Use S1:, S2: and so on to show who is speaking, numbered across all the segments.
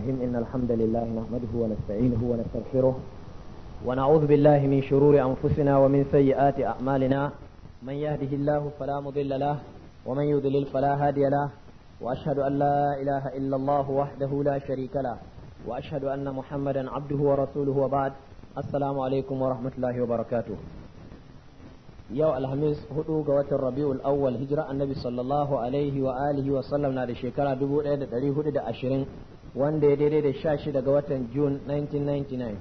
S1: الرحيم إن الحمد لله نحمده ونستعينه ونستغفره ونعوذ بالله من شرور أنفسنا ومن سيئات أعمالنا من يهده الله فلا مضل له ومن يضلل فلا هادي له وأشهد أن لا إله إلا الله وحده لا شريك له وأشهد أن محمدا عبده ورسوله وبعد السلام عليكم ورحمة الله وبركاته yau alhamis hudu ga watan rabi'ul awwal hijira annabi sallallahu alaihi wa alihi wa sallam na da shekara 1420 wanda ya daidai da sha shi daga watan Jun 1999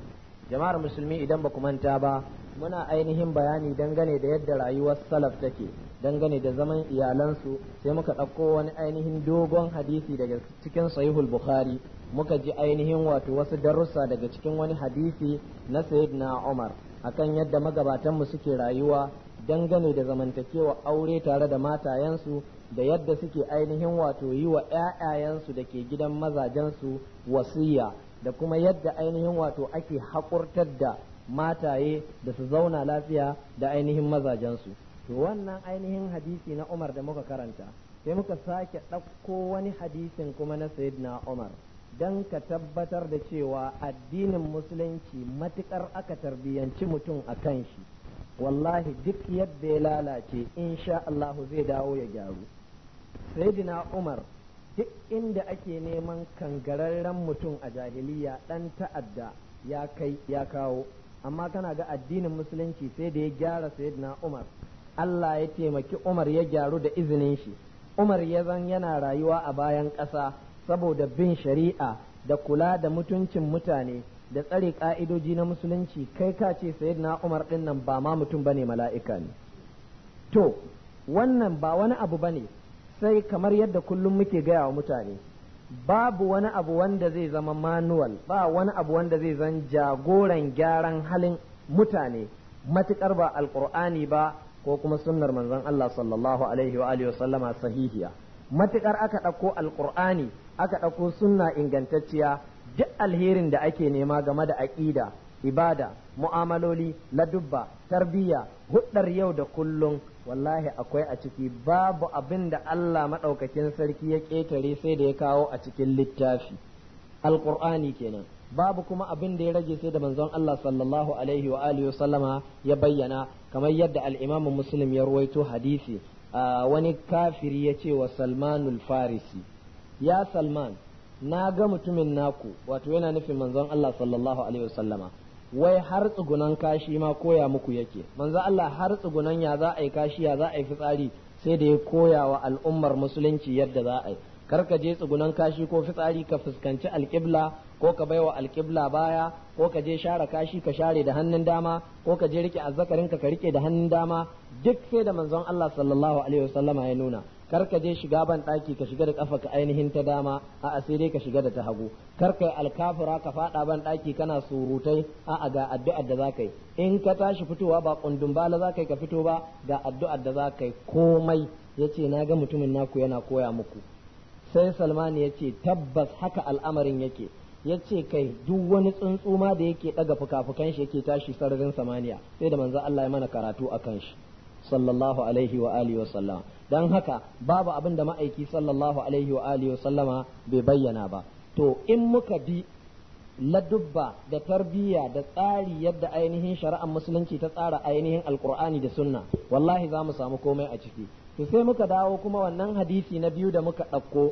S1: jama'ar musulmi idan ba ku manta ba muna ainihin bayani dangane da yadda rayuwar salaf take dangane da zaman iyalansu sai muka ɗauko wani ainihin dogon hadisi daga cikin sahihul bukhari muka ji ainihin wato wasu darussa daga cikin wani hadisi na na umar akan yadda magabatanmu suke rayuwa dangane da zamantakewa aure tare da matayensu da yadda suke ainihin wato yi wa ‘ya'yayensu da ke gidan mazajensu wasiya da kuma yadda ainihin wato ake haƙurtar da mataye da su zauna lafiya da ainihin mazajensu to wannan ainihin hadisi na umar da muka karanta sai muka sake ɗauko wani hadisin kuma na na umar don ka tabbatar da cewa addinin musulunci matuƙar aka tarbiyyanci mutum a kan shi wallahi duk yadda ya lalace insha Allahu zai dawo ya gyaru saidina umar duk inda ake neman kangararren mutum a jahiliya dan ta'adda ya kai ya kawo amma kana ga addinin musulunci sai da ya gyara sayyidina umar Allah ya taimaki umar ya gyaru da izinin shi umar ya zan yana rayuwa a bayan ƙasa saboda bin shari'a da kula da mutuncin mutane da tsare ka'idoji na musulunci kai ka ce sayyidina umar din nan ba ma mutum bane mala'ika ne to wannan ba wani abu bane sai kamar yadda kullum muke gaya wa mutane babu wani abu wanda zai zama manual ba wani abu wanda zai zan jagoran gyaran halin mutane matukar ba alƙur'ani ba ko kuma sunnar manzon Allah sallallahu alaihi wa alihi sallama sahihiya matukar aka ɗauko alkur'ani aka ɗauko sunna ingantacciya duk alherin da ake nema game da aƙida ibada mu'amaloli ladubba tarbiyya huɗar yau da kullum wallahi akwai a ciki babu abin da Allah maɗaukakin sarki ya ƙetare sai da ya kawo a cikin littafi alƙur'ani kenan babu kuma abin da ya rage sai da manzon Allah sallallahu alaihi wa alihi sallama ya bayyana kamar yadda al-Imam Muslim ya ruwaito hadisi wani kafiri ya ce wa Salmanul Farisi ya Salman na ga mutumin naku wato yana nufin manzon Allah sallallahu alaihi wa sallama wai har tsugunan kashi ma koya muku yake manzo Allah har tsugunan ya za a yi kashi ya za a yi fitsari sai da ya koya wa al'ummar musulunci yadda za a yi kar ka je tsugunan kashi ko fitsari ka fuskanci alƙibla ko ka baiwa alƙibla baya ko ka je share kashi ka share da hannun dama ko ka je rike azzakarin ka ka rike da hannun dama duk sai da manzon Allah sallallahu alaihi wasallama ya nuna kar ka je shiga ban daki ka shiga da kafa ka ainihin ta dama a sai dai ka shiga da ta hagu kar ka yi alkafura ka faɗa ban daki kana surutai a'a ga addu'ar da zaka yi in ka tashi fitowa ba kundun bala zaka yi ka fito ba ga addu'ar da zaka yi komai yace na ga mutumin naku yana koya muku sai salman ya ce tabbas haka al'amarin yake ya ce kai duk wani tsuntsuma ma da yake ɗaga fuka-fukan shi yake tashi sararin samaniya sai da manzo Allah ya mana karatu akan shi sallallahu alaihi wa alihi wa sallama dan haka babu abin da ma'aiki sallallahu alaihi wa alihi wa sallama bai bayyana ba to in muka bi ladubba da tarbiyya da tsari yadda ainihin shari'ar musulunci ta tsara ainihin alkur'ani da sunna wallahi za mu samu komai a ciki to sai muka dawo kuma wannan hadisi na biyu da muka ɗauko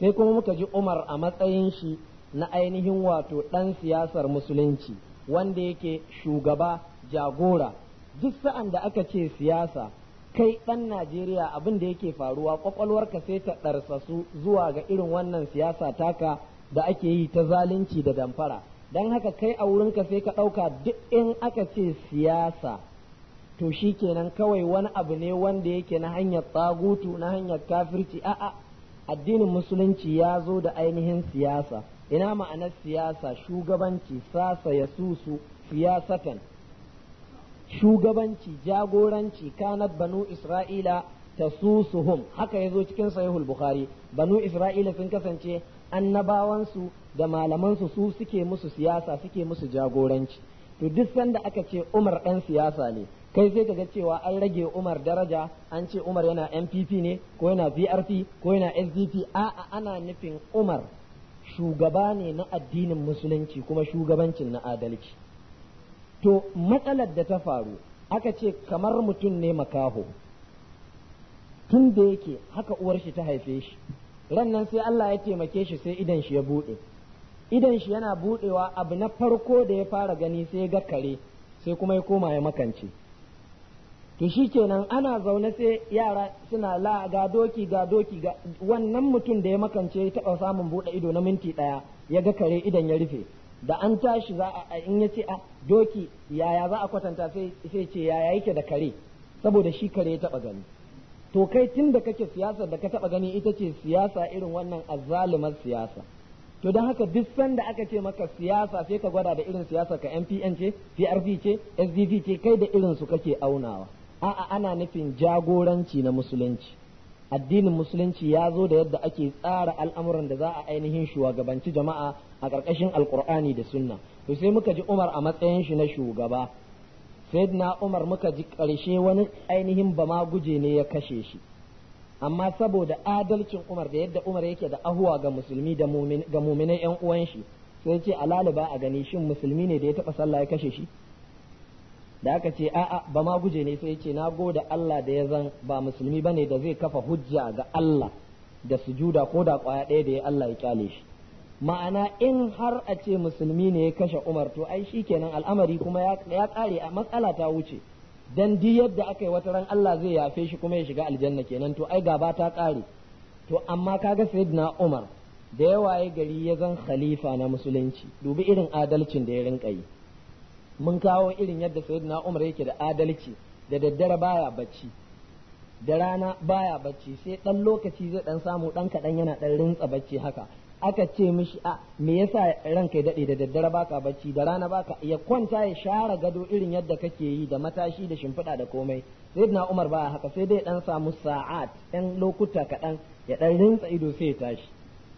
S1: sai kuma muka ji umar a matsayin shi na ainihin wato ɗan siyasar musulunci wanda yake shugaba jagora duk sa'an da aka ce siyasa kai ɗan Najeriya abin da yake faruwa kwakwalwarka sai ta ɗarsasu zuwa ga irin wannan siyasa taka da ake yi ta zalunci da damfara don haka kai a wurinka sai ka ɗauka duk in aka ce siyasa to shi kenan kawai wani abu ne wanda yake na hanyar tsagutu na hanyar kafirci a'a addinin musulunci ya zo da ainihin siyasa ina ma'anar siyasa shugabanci sasa ya susu siyasatan shugabanci jagoranci kanat banu isra'ila ta tasusuhum haka ya zo cikin sahihul bukhari banu isra'ila sun kasance annabawansu da malamansu su suke musu siyasa suke musu jagoranci to duk sanda aka ce umar ɗan siyasa ne kai sai kaga cewa an rage umar daraja an ce umar yana mpp ne ko yana vrp ko yana sdp a'a ana nufin umar shugaba ne na addinin musulunci kuma shugabancin na adalci to matsalar da ta faru aka ce kamar mutum ne makaho tun da yake haka uwar shi ta haife shi ran nan sai Allah ya taimake shi sai idan shi ya buɗe idan shi yana buɗewa abu na farko da ya fara gani sai ya ga kare sai kuma ya koma ya makance to shi kenan ana zaune sai yara suna la ga doki ga doki ga wannan mutum da ya makance ya taɓa samun buɗe ido na minti ɗaya ya ga kare idan ya rufe da an tashi za a in ya ce a doki yaya za a kwatanta sai sai ce yaya yake da kare saboda shi kare ya taba gani to kai tun da kake siyasa da ka taba gani ita ce siyasa irin wannan azzalumar siyasa to don haka duk sanda aka ce maka siyasa sai ka gwada da irin siyasa ka MPN ce PRP ce SDP ce kai da irin su kake aunawa a'a ana nufin jagoranci na musulunci addinin musulunci ya zo da yadda ake tsara al'amuran da za a ainihin shugabanci jama'a a ƙarƙashin alƙur'ani da sunna to sai muka ji umar a matsayin shi na shugaba sayyidina umar muka ji ƙarshe wani ainihin bama guje ne ya kashe shi amma saboda adalcin umar da yadda umar yake da ahuwa ga musulmi ga muminan yan uwan shi sai ce ba a gani shin musulmi ne da ya taɓa sallah ya kashe shi da aka ce a'a ba ma guje ne sai ce na gode Allah da ya zan ba musulmi bane da zai kafa hujja ga Allah da sujuda ko da kwaya ɗaya da ya Allah ya kyale shi ma'ana in har a ce musulmi ne ya kashe Umar to ai shikenan al'amari kuma ya kare a matsala ta wuce dan di yadda aka yi wata ran Allah zai yafe shi kuma ya shiga aljanna kenan to ai gaba ta kare to amma kaga sayyidina Umar da yawa ya gari ya zan khalifa na musulunci dubi irin adalcin da ya rinka yi mun kawo irin yadda sayyidina umar yake da adalci da daddare baya bacci da rana baya bacci sai dan lokaci zai dan samu dan kadan yana dan rintsa bacci haka aka ce mishi a me yasa ranka ya dade da daddare baka bacci da rana baka ya kwanta ya share gado irin yadda kake yi da matashi da shimfiɗa da komai sayyidina umar baya haka sai dai dan samu sa'at ɗan lokuta kaɗan ya dan rintsa ido sai ya tashi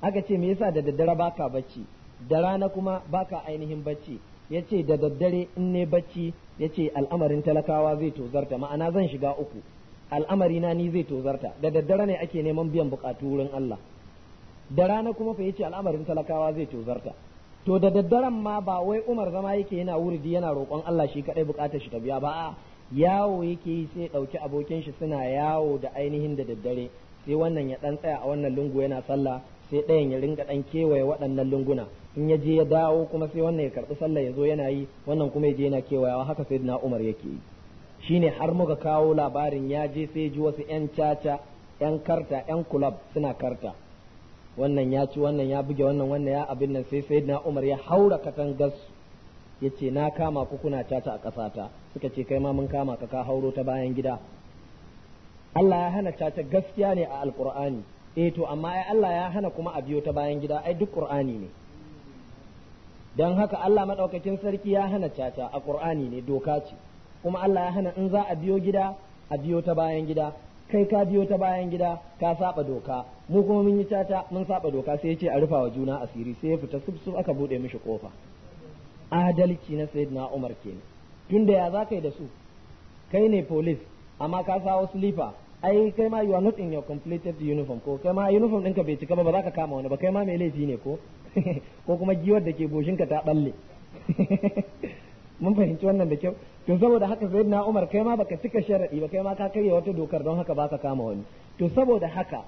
S1: aka ce me yasa da daddare baka bacci da rana kuma baka ainihin bacci ya ce da daddare in ne bacci ya ce al'amarin talakawa zai tozarta ma'ana zan shiga uku al'amarina ni zai tozarta da daddare ne ake neman biyan bukatu wurin Allah da rana kuma fa yace al'amarin talakawa zai tozarta to da daddaren ma ba wai Umar zama yake yana wuridi yana roƙon Allah shi kadai bukatar shi ta biya ba a yawo yake yi sai ɗauki abokin shi suna yawo da ainihin da daddare sai wannan ya ɗan tsaya a wannan lungu yana sallah sai ɗayan ya ringa ɗan kewaye waɗannan lunguna in ya je ya dawo kuma sai wannan ya karɓi sallah ya zo yana yi wannan kuma ya je yana kewayawa haka na Umar yake yi shine har muka kawo labarin ya je sai ji wasu yan caca yan karta yan kulab suna karta wannan ya ci wannan ya buge wannan wannan ya abin nan sai sayyidina Umar ya haura katangas ya ce na kama ku kuna caca a ƙasata suka ce kai ma mun kama ka ka hauro ta bayan gida Allah ya hana caca gaskiya ne a alkur'ani eh to amma ai Allah ya hana kuma a biyo ta bayan gida ai duk qur'ani ne don haka Allah maɗaukakin sarki ya hana caca a ƙur'ani ne doka ce kuma Allah ya hana in za a biyo gida a biyo ta bayan gida kai ka biyo ta bayan gida ka saba doka mu kuma mun yi caca mun saba doka sai ya ce a rufa wa juna asiri sai ya fita sufsuf aka bude mishi kofa adalci na sayyidina Umar kenan tunda ya za kai da su kai ne police amma ka sawo slipa ai kai ma you are not in your completed uniform ko kai ma uniform ɗinka bai cika ba ba za ka kama wani ba kai ma mai laifi ne ko ko kuma giwar da ke ka ta balle mun fahimci wannan da kyau to saboda haka sayyidina Umar kai ma baka cika sharadi ba kai ma ka karya wata dokar don haka baka kama wani to saboda haka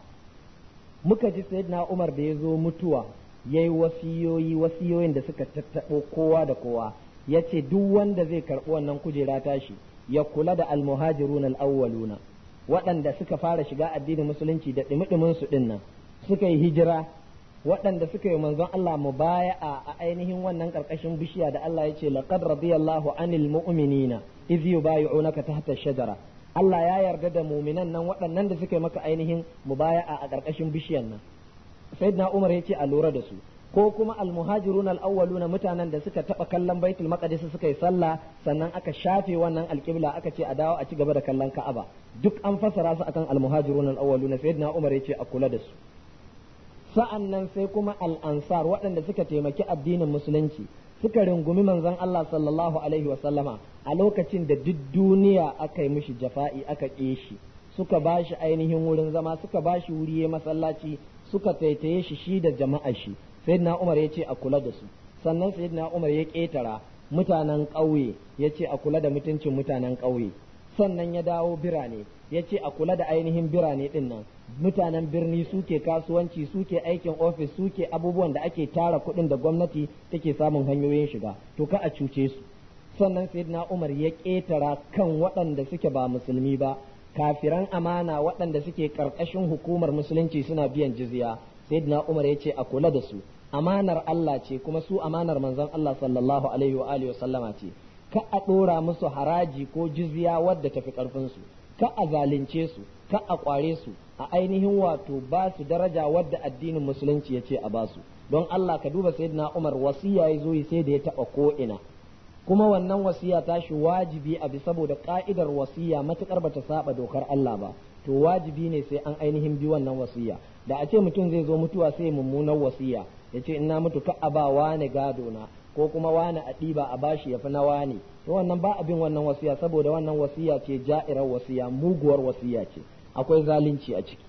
S1: muka ji sayyidina Umar da ya zo mutuwa yayi wasiyoyi wasiyoyin da suka tattabo kowa da kowa yace duk wanda zai karbi wannan kujera tashi ya kula da almuhajirun alawwaluna waɗanda suka fara shiga addinin musulunci da dimidimin su dinnan suka yi hijira waɗanda suka yi manzon Allah mu baya a ainihin wannan ƙarƙashin bishiya da Allah ya ce laqad radiyallahu anil mu'minina iz yubayi'unaka tahta shajara Allah ya yarda da muminan nan waɗannan da suka yi maka ainihin mubaya'a a ƙarƙashin bishiyar nan sayyidina Umar ya ce a lura da su ko kuma almuhajirun al-awwaluna mutanen da suka taba kallon baitul maqdis suka yi sallah sannan aka shafe wannan alƙibla aka ce a dawo a ci gaba da kallon ka'aba duk an fasa su akan almuhajirun al-awwaluna sayyidina umar ce a kula da su sa'an nan sai kuma al'ansar waɗanda suka taimaki addinin musulunci suka rungumi manzan Allah sallallahu alaihi wasallama a lokacin da duk duniya aka yi mishi jafa'i aka ƙe shi suka ba shi ainihin wurin zama suka ba shi wuri ya masallaci suka taitaye shi shi da jama'a shi na Umar ya ce a kula da su sannan na Umar ya ƙetara mutanen ƙauye ya ce a kula da mutuncin mutanen ƙauye sannan ya dawo birane ya ce a kula da ainihin birane din nan mutanen birni suke kasuwanci suke aikin ofis suke abubuwan da ake tara kuɗin da gwamnati take samun hanyoyin shiga to ka a cuce su sannan sayyidina umar ya ƙetara kan waɗanda suke ba musulmi ba kafiran amana waɗanda suke ƙarƙashin hukumar musulunci suna biyan jizya sayyidina umar ya ce a kula da su amanar Allah ce kuma su amanar manzon Allah sallallahu alaihi wa alihi wa sallama ce ka a ɗora musu haraji ko jizya wadda tafi ƙarfinsu su ka a zalunce su ka a kware su a ainihin wato ba su daraja wadda addinin musulunci ya ce a ba su don Allah ka duba sayyidina Umar wasiya ya zo sai da ya taba ko ina kuma wannan wasiya ta shi wajibi a bi saboda ka'idar wasiya matukar bata saba dokar Allah ba to wajibi ne sai an ainihin bi wannan wasiya da a ce mutum zai zo mutuwa sai mummunar wasiya yace ina mutu ka a ba wani gado na ko kuma wani a ɗiba a bashi ya fi na wani to wannan ba abin wannan wasiya saboda wannan wasiya ce ja'irar wasiya muguwar wasiya ce akwai zalunci a ciki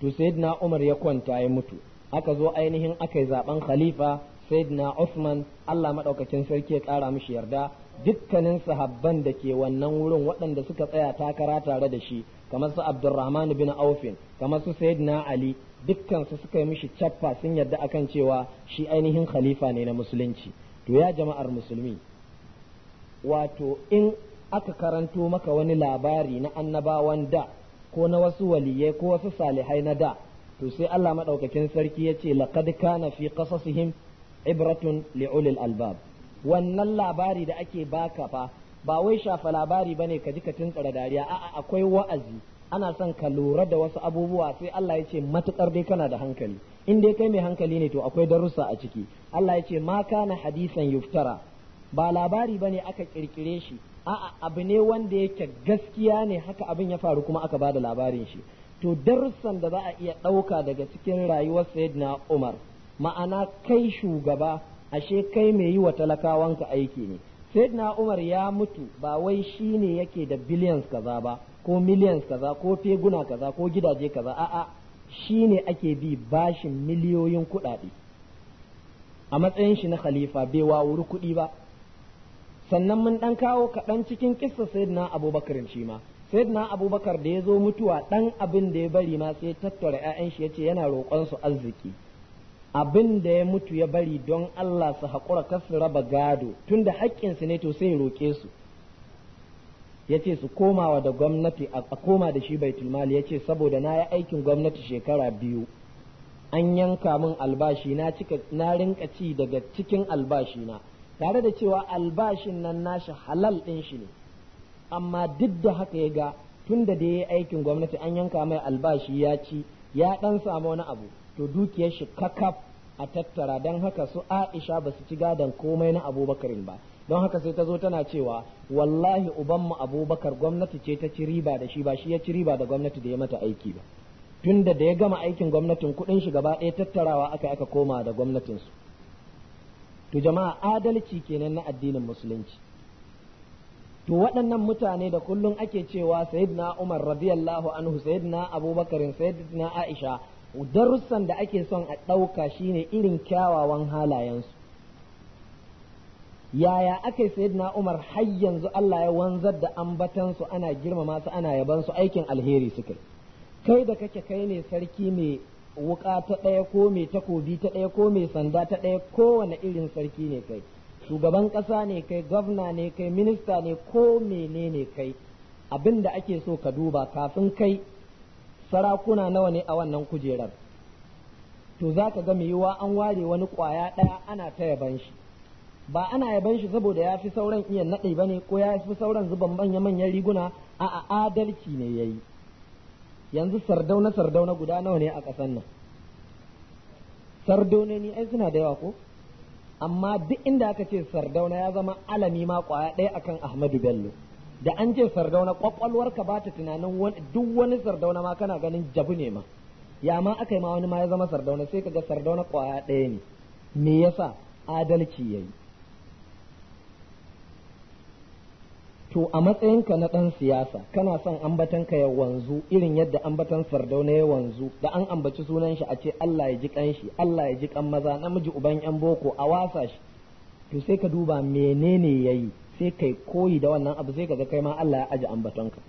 S1: to sayyidina Umar ya kwanta ya mutu aka zo ainihin aka yi zaben khalifa sayyidina usman Allah madaukakin sarki ya kara mishi yarda dukkanin sahabban da ke wannan wurin waɗanda suka tsaya takara tare da shi kamar su Abdurrahman bin Auf kamar su sayyidina Ali dukkan su suka yi mishi cappa sun yarda akan cewa shi ainihin khalifa ne na musulunci to ya jama'ar musulmi wato in aka karanto maka wani labari na annabawan da ko na wasu waliyai ko wasu salihai na da to sai Allah maɗaukakin sarki ya ce laqad kana fi qasasihim ibratun li ulil albab wannan labari da ake baka fa ba wai shafa labari bane ka ji ka tuntsara dariya a'a akwai wa'azi ana son ka lura da wasu abubuwa sai Allah ya ce matukar dai kana da hankali in dai kai mai hankali ne to akwai darussa a ciki Allah ya ce ma kana hadisan yuftara ba labari ba ne aka kirkire shi a'a abu ne wanda yake gaskiya ne haka abin ya faru kuma aka bada labarin shi to darussan da za a iya ɗauka daga cikin rayuwar sayyidina Umar ma'ana kai shugaba ashe kai mai yi wa talakawanka aiki ne sayyidina Umar ya mutu ba wai shi ne yake da billions kaza ba ko millions kaza ko teguna kaza ko gidaje kaza a'a shi ne ake bi bashin miliyoyin kuɗaɗe a matsayin shi na khalifa bai wawuri kuɗi ba sannan mun ɗan kawo kaɗan cikin kissa sayyidina abubakar shi ma sayyidina abubakar da ya zo mutuwa ɗan abin da ya bari ma sai tattara ƴaƴan shi yace yana roƙon su arziki abin da ya mutu ya bari don Allah su haƙura kar su raba gado tunda haƙƙin su ne to sai ya roƙe su Ya ce su komawa da gwamnati a koma da shi baitul mali ce saboda na yi aikin gwamnati shekara biyu an yanka min albashi na cika na rinka ci daga cikin albashi na tare da cewa albashin nan nashi halal ɗin shi ne amma duk da haka ya ga tun da da ya yi aikin gwamnati an yanka mai albashi ya ci ya ɗan samu wani abu to dukiyar shi kakaf a tattara don haka su aisha ba su ci gadon komai na abubakarin ba don haka sai ta zo tana cewa wallahi ubanmu abubakar gwamnati ce ta ci riba da shi ba shi ya ci riba da gwamnati da ya mata aiki ba tun da ya gama aikin gwamnatin kuɗin shi gaba ɗaya tattarawa aka aka koma da gwamnatinsu to jama'a adalci kenan na addinin musulunci to waɗannan mutane da kullum ake cewa sayyidina Umar radiyallahu anhu sayyidina Abubakarin sayyidina Aisha darussan da ake son a ɗauka shine irin kyawawan halayensu yaya aka sayyidina Umar har yanzu Allah ya wanzar da ambatansu ana girmama su ana yaban su aikin alheri suka kai da kake kai ne sarki mai wuka ta ɗaya ko mai takobi ta ɗaya ko mai sanda ta ɗaya kowane irin sarki ne kai shugaban ƙasa ne kai gwamna ne kai minista ne ko mene ne kai abin da ake so ka duba kafin kai sarakuna nawa ne a wannan kujerar to za ka ga mai yiwuwa an ware wani ƙwaya ɗaya ana ta yaban shi ba ana yaban shi saboda ya fi sauran iya naɗe ba ne ko ya fi sauran zuban manya-manyan riguna a'a adalci ne ya yi yanzu sardauna sardauna guda nawa ne a ƙasar nan sardaunoni ai suna da yawa ko amma duk inda aka ce sardauna ya zama alami ma kwaya ɗaya akan ahmadu bello da an ce sardauna kwakwalwarka ba ta tunanin duk wani sardauna ma kana ganin jabu ne ma ya ma aka yi ma wani ma ya zama sardauna sai kaga sardauna kwaya ɗaya ne me yasa adalci yayi to a matsayinka na ɗan siyasa kana son ka ya wanzu irin yadda ambatan na ya wanzu da an ambaci sunan shi a ce Allah ya ji kan shi Allah ya ji kan maza namiji uban yan boko a wasa shi to sai ka duba menene yayi sai kai koyi da wannan abu sai kaga kai ma Allah ya aje ka.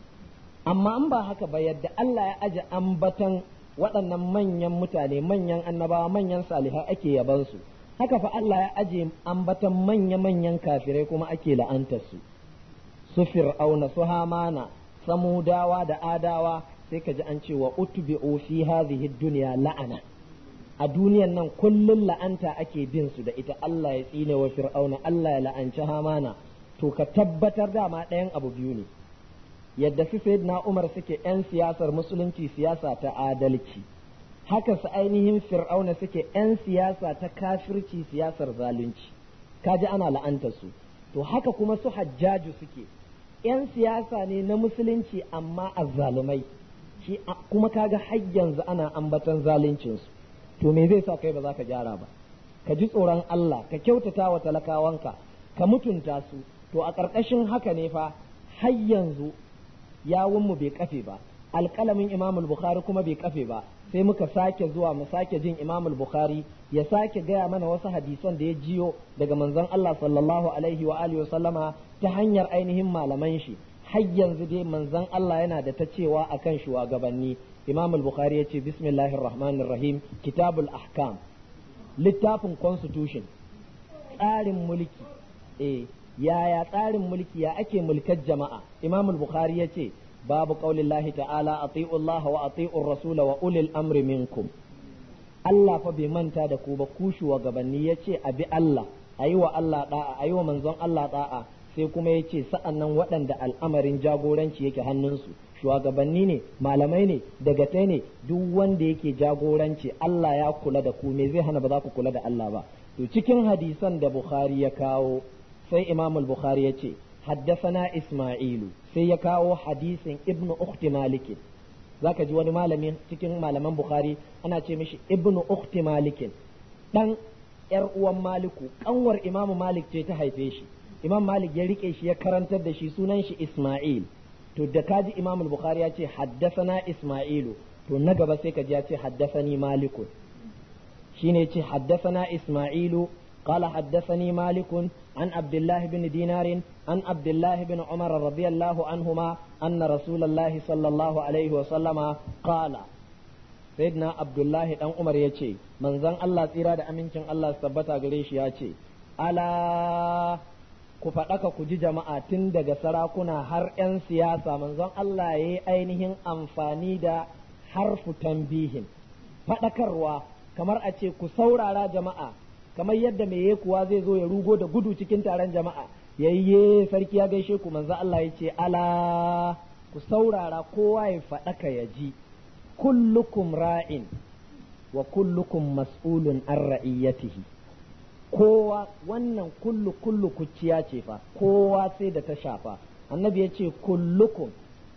S1: amma an ba haka ba yadda Allah ya aje ambatan waɗannan manyan mutane manyan annabawa manyan salihai ake yabansu haka fa Allah ya aje ambatan manya-manyan kafirai kuma ake la'antar su su fir'auna su hamana samudawa da adawa sai ka ji an ce wa utbi'u fi hadhihi dunya la'ana a duniyan nan kullum la'anta ake bin su da ita Allah ya tsine wa fir'auna Allah ya la'anci hamana to ka tabbatar da ma ɗayan abu biyu ne yadda su na Umar suke 'yan siyasar musulunci siyasa ta adalci haka su ainihin fir'auna suke 'yan siyasa ta kafirci siyasar zalunci kaji ana la'anta su to haka kuma su hajjaju suke 'yan siyasa ne na musulunci amma azzalumai shi kuma kaga har yanzu ana ambatan zaluncinsu to me zai sa kai ba za ka gyara ba ka ji tsoron Allah ka kyautata wa talakawanka ka mutunta su to a ƙarƙashin haka ne fa har yanzu yawunmu bai kafe ba alƙalamin imamul bukhari kuma bai kafe ba sai muka sake zuwa mu sake jin imamul bukhari ya sake gaya mana wasu hadisan da ya jiyo daga manzon Allah sallallahu alaihi wa alihi sallama ta hanyar ainihin malaman shi har yanzu dai manzon Allah yana da ta cewa akan shugabanni imamul bukhari yace bismillahir rahmanir rahim kitabul ahkam littafin constitution tsarin mulki eh yaya tsarin mulki ya ake mulkar jama'a imamul al-Bukhari yace babu qaulillahi ta'ala ati'u Allah wa ati'u rasula wa ulil amri minkum Allah fa bai manta da ku ba ku shugabanni yace abi Allah ayi wa Allah da'a ayi wa manzon Allah da'a sai kuma yace sa'annan waɗanda al'amarin jagoranci yake hannunsu gabanni ne malamai ne dagatai ne duk wanda yake jagoranci Allah ya kula da ku me zai hana ba za ku kula da Allah ba to cikin hadisan da Bukhari ya kawo sai Imam al-Bukhari ya ce حدثنا ya kawo حديث ابن أخت مالك zaka ji wani malami cikin malaman bukhari ana ce mishi ibnu ukhti malikin dan yar uwan maliku kanwar imamu malik ce ta haife shi imam malik ya rike shi ya karantar da shi sunan shi isma'il to da kaji imam bukhari ya ce haddasana isma'ilu to na gaba sai kaji ya ce haddasani maliku shine ya ce haddasana isma'ilu قال حدثني مالك عن عبد الله بن دينار عن عبد الله بن عمر رضي الله عنهما أن رسول الله صلى الله عليه وسلم قال سيدنا عبد الله بن عمر يتي من زن الله تيرا دا أمين الله سبتا قريش يتي ألا ku faɗaka ku ji jama'a tun daga sarakuna har 'yan siyasa manzon Allah ya yi ainihin amfani da harfu tambihin faɗakarwa kamar a ce ku saurara jama'a kamar yadda mai kuwa zai zo ya rugo da gudu cikin taron jama'a yayye sarki ya gaishe ku manzo Allah ya ce ala ku saurara kowa ya faɗa ka ya ji kullukum ra'in wa kullukum mas'ulun an ra'iyatihi kowa wannan kullu kullu kuciya ce fa kowa sai da ta shafa annabi ya ce kullukum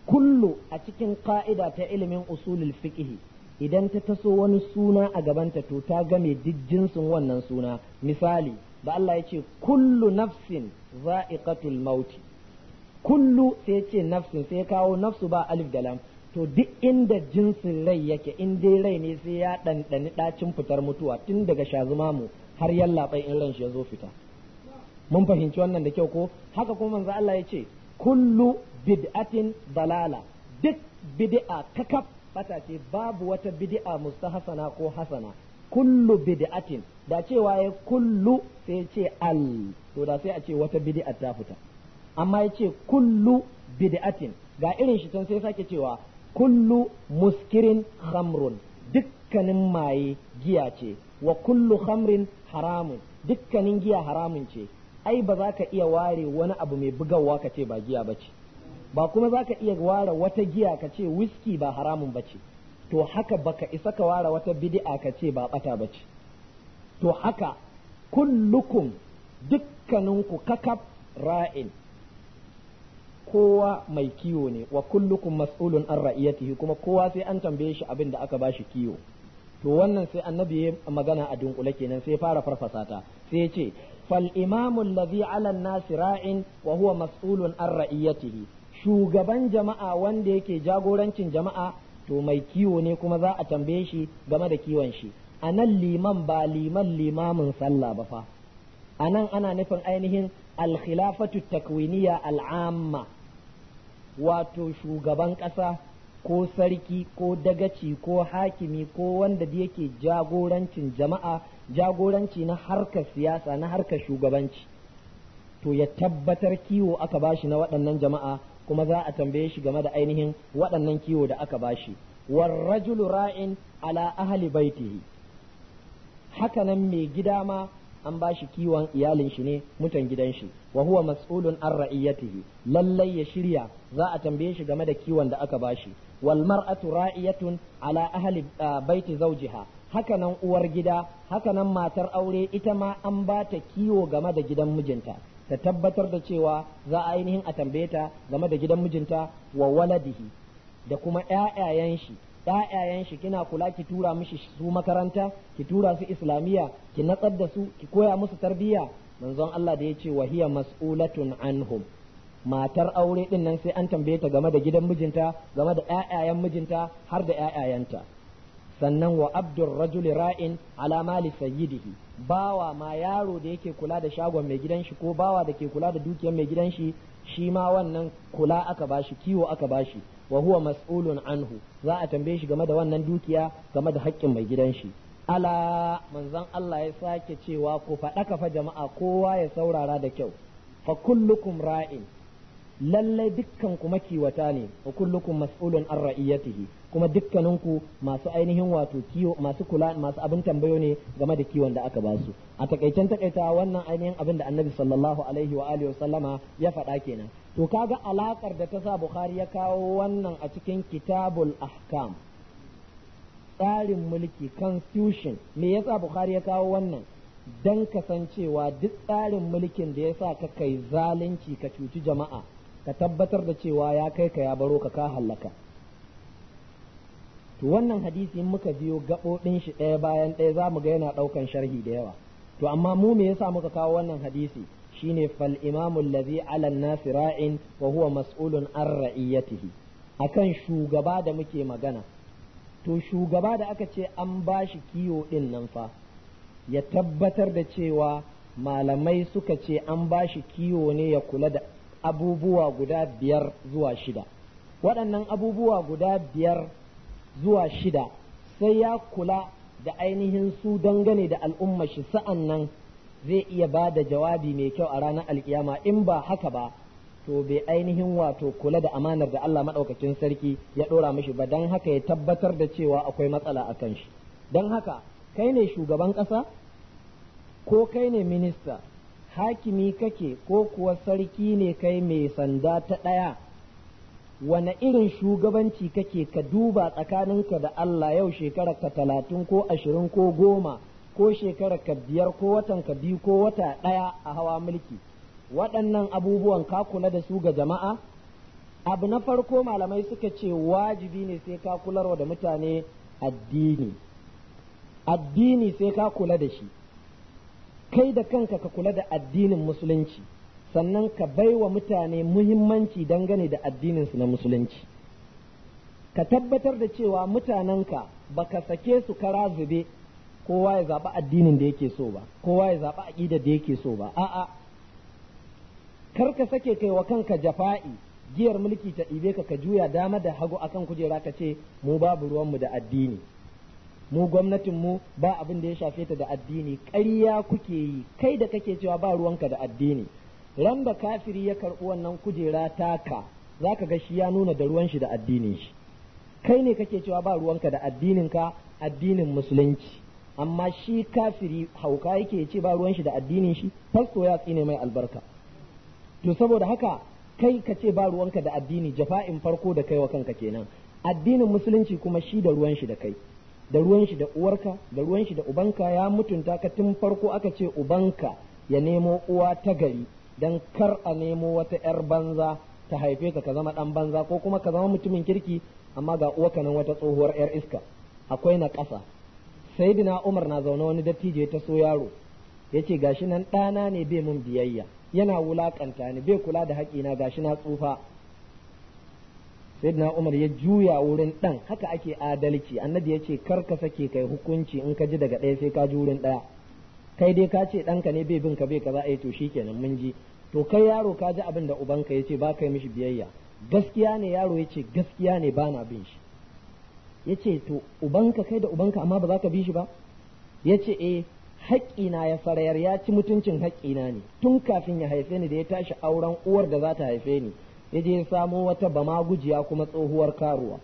S1: kullu a cikin ka'ida ta ilimin usulul fiqhi idan ta taso wani suna a gabanta to ta game duk jinsin wannan suna misali ba Allah ya ce kullu nafsin za'iqatul mauti kullu sai ya ce nafsin sai ya kawo nafsu ba alif da lam to duk inda jinsin rai yake in dai rai ne sai ya ɗanɗani ɗacin fitar mutuwa tun daga mu har yallaɓai in ran shi ya zo fita mun fahimci wannan da kyau ko haka kuma manzo Allah ya ce kullu bid'atin dalala duk bid'a kakaf bata ce babu wata bid'a mustahsana ko hasana kullu bid'atin da cewa ya kullu sai ce al to da sai a ce wata bid'a ta fita amma ya ce kullu bid'atin ga irin shi can sai sake cewa kullu muskirin khamrun dukkanin maye giya ce wa kullu khamrin haramun dukkanin giya haramun ce ai ba za ka iya ware wani abu mai bugawa ka ce ba giya ba ce ba kuma za ka iya ware wata giya ka ce whisky ba haramun ba ce, to haka baka isa ka ware wata bidi'a ka ce ba bata ce, to haka kullukum dukkaninku kakaf ra'in kowa mai kiwo ne wa kullukum mas'ulun an ra'iyatihi kuma kowa sai an tambaye shi abin da aka shi kiwo to wannan sai annabi ya magana a dunkule kenan sai fara farfasa ta sai ya ce fal imamu ladhi 'ala an-nasi ra'in wa huwa mas'ulun an ra'iyatihi shugaban jama'a wanda yake jagorancin jama'a to mai kiwo ne kuma za a tambaye shi game da kiwon shi anan nan liman ba liman limamin sallah ba fa a nan ana nufin ainihin alkhilafatu takwiniya al'amma wato shugaban ƙasa ko sarki ko dagaci ko hakimi ko wanda da yake jagorancin jama'a jagoranci na harkar siyasa na harkar shugabanci to ya tabbatar kiwo aka bashi na waɗannan jama'a kuma za a tambaye shi game da ainihin waɗannan kiwo da aka bashi war rajulu ra'in ala ahli baitihi hakanan mai gida ma an bashi kiwon iyalin shi ne mutan gidan shi wa huwa mas'ulun an ra'iyatihi lallai ya shirya za a tambaye shi game da kiwon da aka bashi wal mar'atu ra'iyatun ala ahli baiti zawjiha hakanan uwar gida hakanan matar aure ita ma an ba ta kiwo game da gidan mijinta ta tabbatar da cewa za a ainihin a tambaye ta game da gidan mijinta wa waladihi da kuma ƴaƴayen shi ƴaƴayen shi kina kula ki tura mishi su makaranta ki tura su islamiyya ki natsar da su ki koya musu tarbiyya manzon Allah da ya ce wa hiya mas'ulatun anhum matar aure din nan sai an tambaye ta game da gidan mijinta game da ƴaƴayen mijinta har da ƴaƴayenta sannan wa abdur rajul ra'in ala mali sayyidihi bawa ma yaro da yake kula da shagon mai gidan shi ko bawa da ke kula da dukiyar mai gidan shi shi ma wannan kula aka bashi kiwo aka bashi wa huwa mas'ulun anhu za a tambaye shi game da wannan dukiya game da haƙƙin mai gidan shi ala manzon Allah ya sake cewa ku faɗa fa jama'a kowa ya saurara da kyau fa kullukum ra'in lallai dukkan ku makiwata ne wa kullukum mas'ulun an ra'iyatihi kuma dukkaninku masu ainihin wato kiwo masu kula masu abin tambayo ne game da kiwon da aka basu a takaicen takaita wannan ainihin abin da annabi sallallahu alaihi wa alihi sallama ya faɗa kenan to kaga alakar da ta sa bukhari ya kawo wannan a cikin kitabul ahkam tsarin mulki constitution me yasa bukhari ya kawo wannan don kasancewa duk tsarin mulkin da yasa sa ka kai zalunci ka cuci jama'a ka tabbatar da cewa ya kai ka ya baro ka ka hallaka to wannan hadisi muka biyo gaɓoɗin shi ɗaya bayan ɗaya za mu ga yana ɗaukan sharhi da yawa to amma mu me yasa muka kawo wannan hadisi shine fal imamul ladhi ala an ra'in wa huwa mas'ulun an ra'iyatihi akan shugaba da muke magana to shugaba da aka ce an bashi kiyo din nan fa ya tabbatar da cewa malamai suka ce an bashi kiyo ne ya kula da abubuwa guda biyar zuwa shida waɗannan abubuwa guda biyar zuwa shida sai ya kula da ainihin su dangane da al'umma shi sa'an nan zai iya ba da jawabi mai kyau a ranar alkiyama in ba haka ba to bai ainihin wato kula da amanar da Allah maɗaukacin sarki ya ɗora mashi ba don haka ya tabbatar da cewa akwai matsala a kan shi don haka kai ne shugaban ƙasa ko kai ne minista hakimi kake ko kuwa sarki ne kai mai sanda ta ɗaya wane irin shugabanci kake ka duba tsakaninka da Allah yau ka talatin ko ashirin ko goma ko ka biyar ko watan ka biyu ko wata ɗaya a hawa mulki waɗannan abubuwan ka kula da su ga jama'a abu na farko malamai suka ce wajibi ne sai ka kularwa da mutane addini addini sai ka kula da shi kai da kanka ka kula da addinin musulunci sannan ka bai wa mutane muhimmanci dangane da addininsu na musulunci ka tabbatar da cewa mutanenka ba ka sake su kara zube kowa ya zaɓi addinin da yake so ba kowa ya zaɓi aƙidar da yake so ba a'a kar ka sake kai wa kanka jafa'i giyar mulki ta ibe ka ka juya dama da hagu akan kujera ka ce mu babu ruwanmu da addini mu gwamnatin mu ba abin da ya shafe ta da addini ƙarya kuke yi kai da kake cewa ba ruwanka da addini ran da kafiri ya karɓi wannan kujera taka za ka ga shi ya nuna da ruwan shi da addinin shi kai ne kake cewa ba ruwanka da addininka addinin musulunci amma shi kafiri hauka yake ce ba ruwan shi da addinin shi fasto ya tsine mai albarka to saboda haka kai ka ce ba ruwanka da addini jafa'in farko da kai wa kanka kenan addinin musulunci kuma shi da ruwan shi da kai da ruwan shi da uwarka da ruwan shi da ubanka ya mutunta ka tun farko aka ce ubanka ya nemo uwa ta gari dan kar a nemo wata yar banza ta haife ka ka zama dan banza ko kuma ka zama mutumin kirki amma ga uwarka nan wata tsohuwar yar iska akwai na ƙasa sayyidina Umar na zaune wani dattijo ta so yaro yace gashi nan ɗana ne bai mun biyayya yana wulakanta ni bai kula da haƙina gashi na tsufa sayyidina umar ya juya wurin dan haka ake adalci annabi ya ce kar ka sake kai hukunci in ka ji daga ɗaya sai ka ji wurin ɗaya kai dai ka ce ɗanka ne bai bin ka bai kaza ai to shikenan mun ji to kai yaro ka ji abin da ubanka ya ce ba kai mishi biyayya gaskiya ne yaro ya gaskiya ne ba na bin shi ya ce to ubanka kai da ubanka amma ba za ka bi shi ba yace ce eh na ya farayar ya ci mutuncin haƙƙi na ne tun kafin ya haife ni da ya tashi auren uwar da za ta haife ni ya je ya samo wata bama gujiya kuma tsohuwar karuwa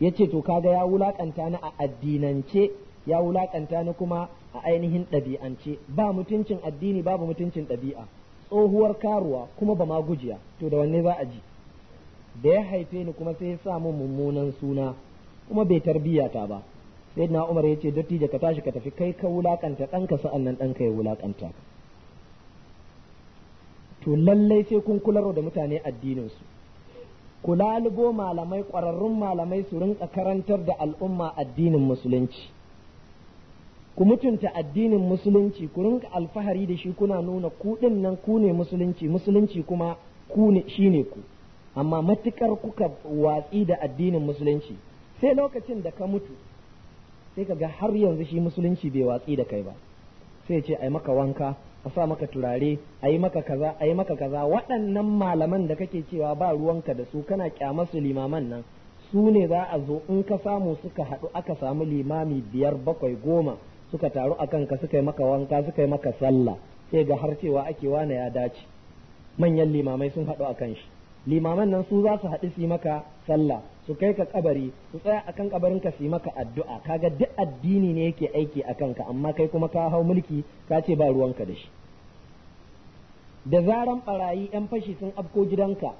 S1: ya ce to kaga ya wulakanta ni a addinance ya wulakanta ni kuma a ainihin ɗabi'ance ba mutuncin addini babu mutuncin ɗabi'a tsohuwar karuwa kuma bama gujiya to da wanne za a ji da ya haife ni kuma sai ya samu mummunan suna kuma bai tarbiyata ba sai na umar ya ce dattijo ka tashi ka tafi kai ka wulakanta ɗanka sa'an nan ɗanka ya wulakanta ka to lallai sai kun kularo da mutane addininsu ku lalubo malamai ƙwararrun malamai su rinka karantar da al'umma addinin musulunci ku mutunta addinin musulunci ku rinka alfahari da shi kuna nuna kuɗin nan ku ne musulunci musulunci kuma ku shi ne ku amma matukar kuka watsi da addinin musulunci sai lokacin da ka mutu sai ka ga har yanzu shi musulunci bai watsi da kai ba sai ce ai maka wanka a sa maka turare a yi maka kaza a yi maka kaza waɗannan malaman da kake cewa ba ruwanka da su kana kyama su limaman nan su ne za a zo in ka samu suka haɗu aka samu limami biyar bakwai goma suka taru a kanka suka yi maka wanka suka yi maka sallah sai ga har cewa ake wane ya dace manyan limamai sun haɗu a kan shi limaman nan su za su haɗu su yi maka sallah su kai ka kabari su tsaya akan kabarin ka su yi maka addu'a kaga duk addini ne yake aiki a kanka amma kai kuma ka hau mulki ka ce ba ruwanka da shi da zaran barayi yan fashi sun afko gidanka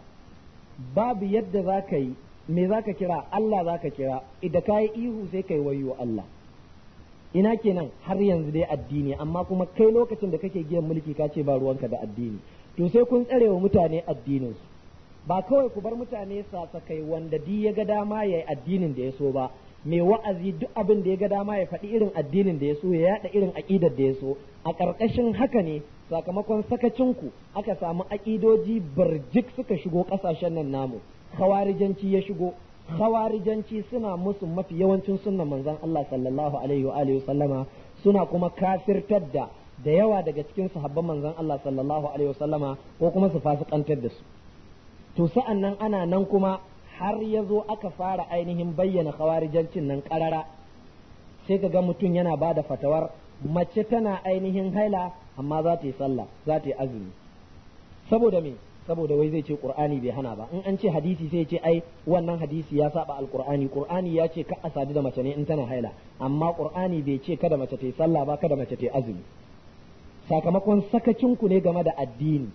S1: babu yadda za ka yi me za ka kira Allah za ka kira ida ka yi ihu sai ka yi wayo Allah ina kenan har yanzu dai addini amma kuma kai lokacin da kake giyan mulki ka ce ba ruwanka da addini to sai kun tsare wa mutane addininsu ba kawai ku bar mutane sasakai wanda di ya ga dama ya yi addinin da ya so ba mai wa'azi duk abin da ya ga dama ya faɗi irin addinin da ya so ya yaɗa irin aƙidar da ya so a ƙarƙashin haka ne sakamakon sakacinku aka samu aƙidoji birjik suka shigo ƙasashen nan namu khawarijanci ya shigo khawarijanci suna musu mafi yawancin sunnan manzon Allah sallallahu alaihi wa alihi sallama suna kuma kafirtar da da yawa daga cikin sahabban manzon Allah sallallahu alaihi wa sallama ko kuma su fasikantar da su to sa'an nan ana nan kuma har ya zo aka fara ainihin bayyana khawarijancin nan karara sai ka ga mutum yana ba da fatawar mace tana ainihin haila amma za ta yi sallah za ta yi azumi saboda me saboda wai zai ce qur'ani bai hana ba in an ce hadisi sai ya ce ai wannan hadisi ya saba alqur'ani qur'ani ya ce ka a da mace ne in tana haila amma qur'ani bai ce kada mace ta yi sallah ba kada mace ta yi azumi sakamakon sakacinku ne game da addini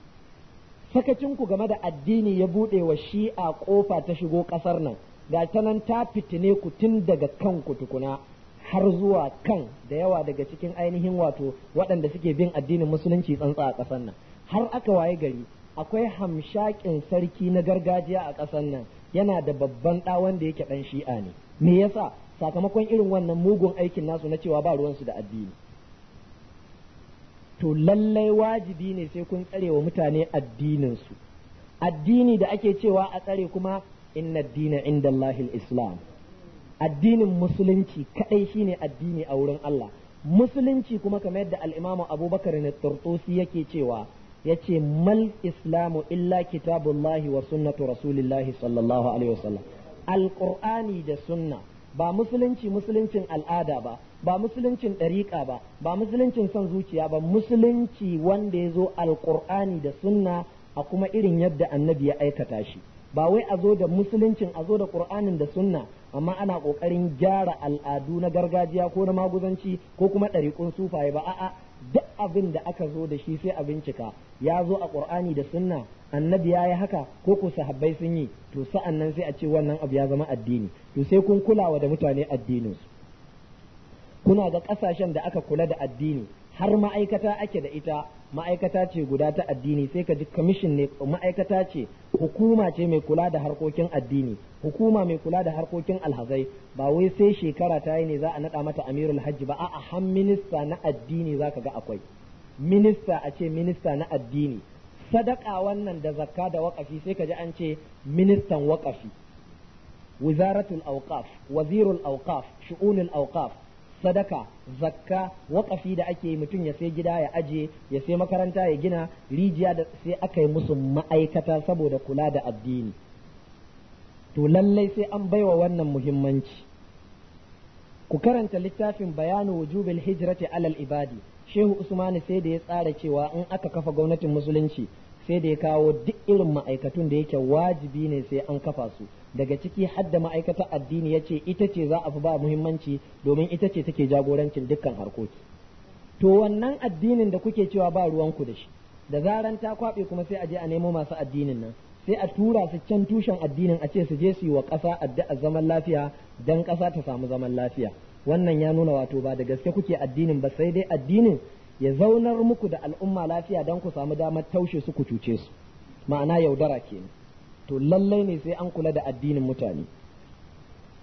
S1: sakacinku game da addini ya buɗe wa shi'a ƙofa ta shigo ƙasar nan ga ta nan ta fitine ku tun daga kanku tukuna har zuwa kan da yawa daga cikin ainihin wato waɗanda suke bin addinin musulunci tsantsa a ƙasar nan har aka waye gari akwai hamshakin sarki na gargajiya a ƙasar nan yana da babban ɗa wanda yake ɗan shi'a ne me yasa sakamakon irin wannan mugun aikin nasu na cewa ba ruwansu da addini to lallai wajibi ne sai kun tsare wa mutane addininsu addini da ake cewa a tsare kuma inna dina inda islam addinin musulunci kadai shine addini a wurin Allah musulunci kuma kamar yadda al abubakar na turtusi yake cewa yace mal islamu illa kitabullahi wa sunnatu rasulillahi sallallahu alaihi wasallam alqur'ani da sunna ba musulunci musuluncin al'ada ba ba musuluncin ɗariƙa ba ba musuluncin son zuciya ba musulunci wanda ya zo alƙur'ani da sunna a kuma irin yadda annabi ya aikata shi ba wai a zo da musuluncin a zo da ƙur'anin da sunna amma ana ƙoƙarin gyara al'adu na gargajiya ko na maguzanci ko kuma ɗariƙun sufaye ba a'a duk abin da aka zo da shi sai a bincika ya zo a ƙur'ani da sunna annabi ya yi haka ko ko sahabbai sun yi to sa'annan sai a ce wannan abu ya zama addini to sai kun kulawa da mutane addininsu kuna da ƙasashen da aka kula da addini har ma'aikata ake da ita ma'aikata ce guda ta addini sai ka ji kamishin ne ma'aikata ce hukuma ce mai kula da harkokin addini hukuma mai kula da harkokin alhazai ba wai sai shekara ta yi ne za a naɗa mata amirul hajji ba a'a han minista na addini za ka ga akwai minista a ce minista na addini sadaka wannan da zakka da waƙafi sai ka ji an ce ministan waƙafi wizaratul auqaf wazirul auqaf shu'unul auqaf sadaka zakka waƙafi da ake yi mutum ya sai gida ya aje ya sai makaranta ya gina rijiya da sai aka yi musu ma'aikata saboda kula da addini to lallai sai an baiwa wannan muhimmanci ku karanta littafin bayanu wujubil hijrati alal ibadi shehu usmani sai da ya tsara cewa in aka kafa gwamnatin musulunci sai da ya kawo duk irin ma'aikatun da yake wajibi ne sai an kafa su daga ciki hadda ma'aikatar addini ya ce ita ce za a fi ba muhimmanci domin ita ce take jagorancin dukkan harkoki to wannan addinin da kuke cewa ba ruwanku da shi da zaran ta kwaɓe kuma sai a je a nemo masu addinin nan sai a tura su can tushen addinin a ce su je su yi wa ƙasa addu'a zaman lafiya dan ƙasa ta samu zaman lafiya wannan ya nuna wato ba da gaske kuke addinin ba sai dai addinin ya zaunar muku da al'umma lafiya dan ku samu damar taushe su ku cuce su ma'ana yaudara kenan to lallai ne sai an kula da addinin mutane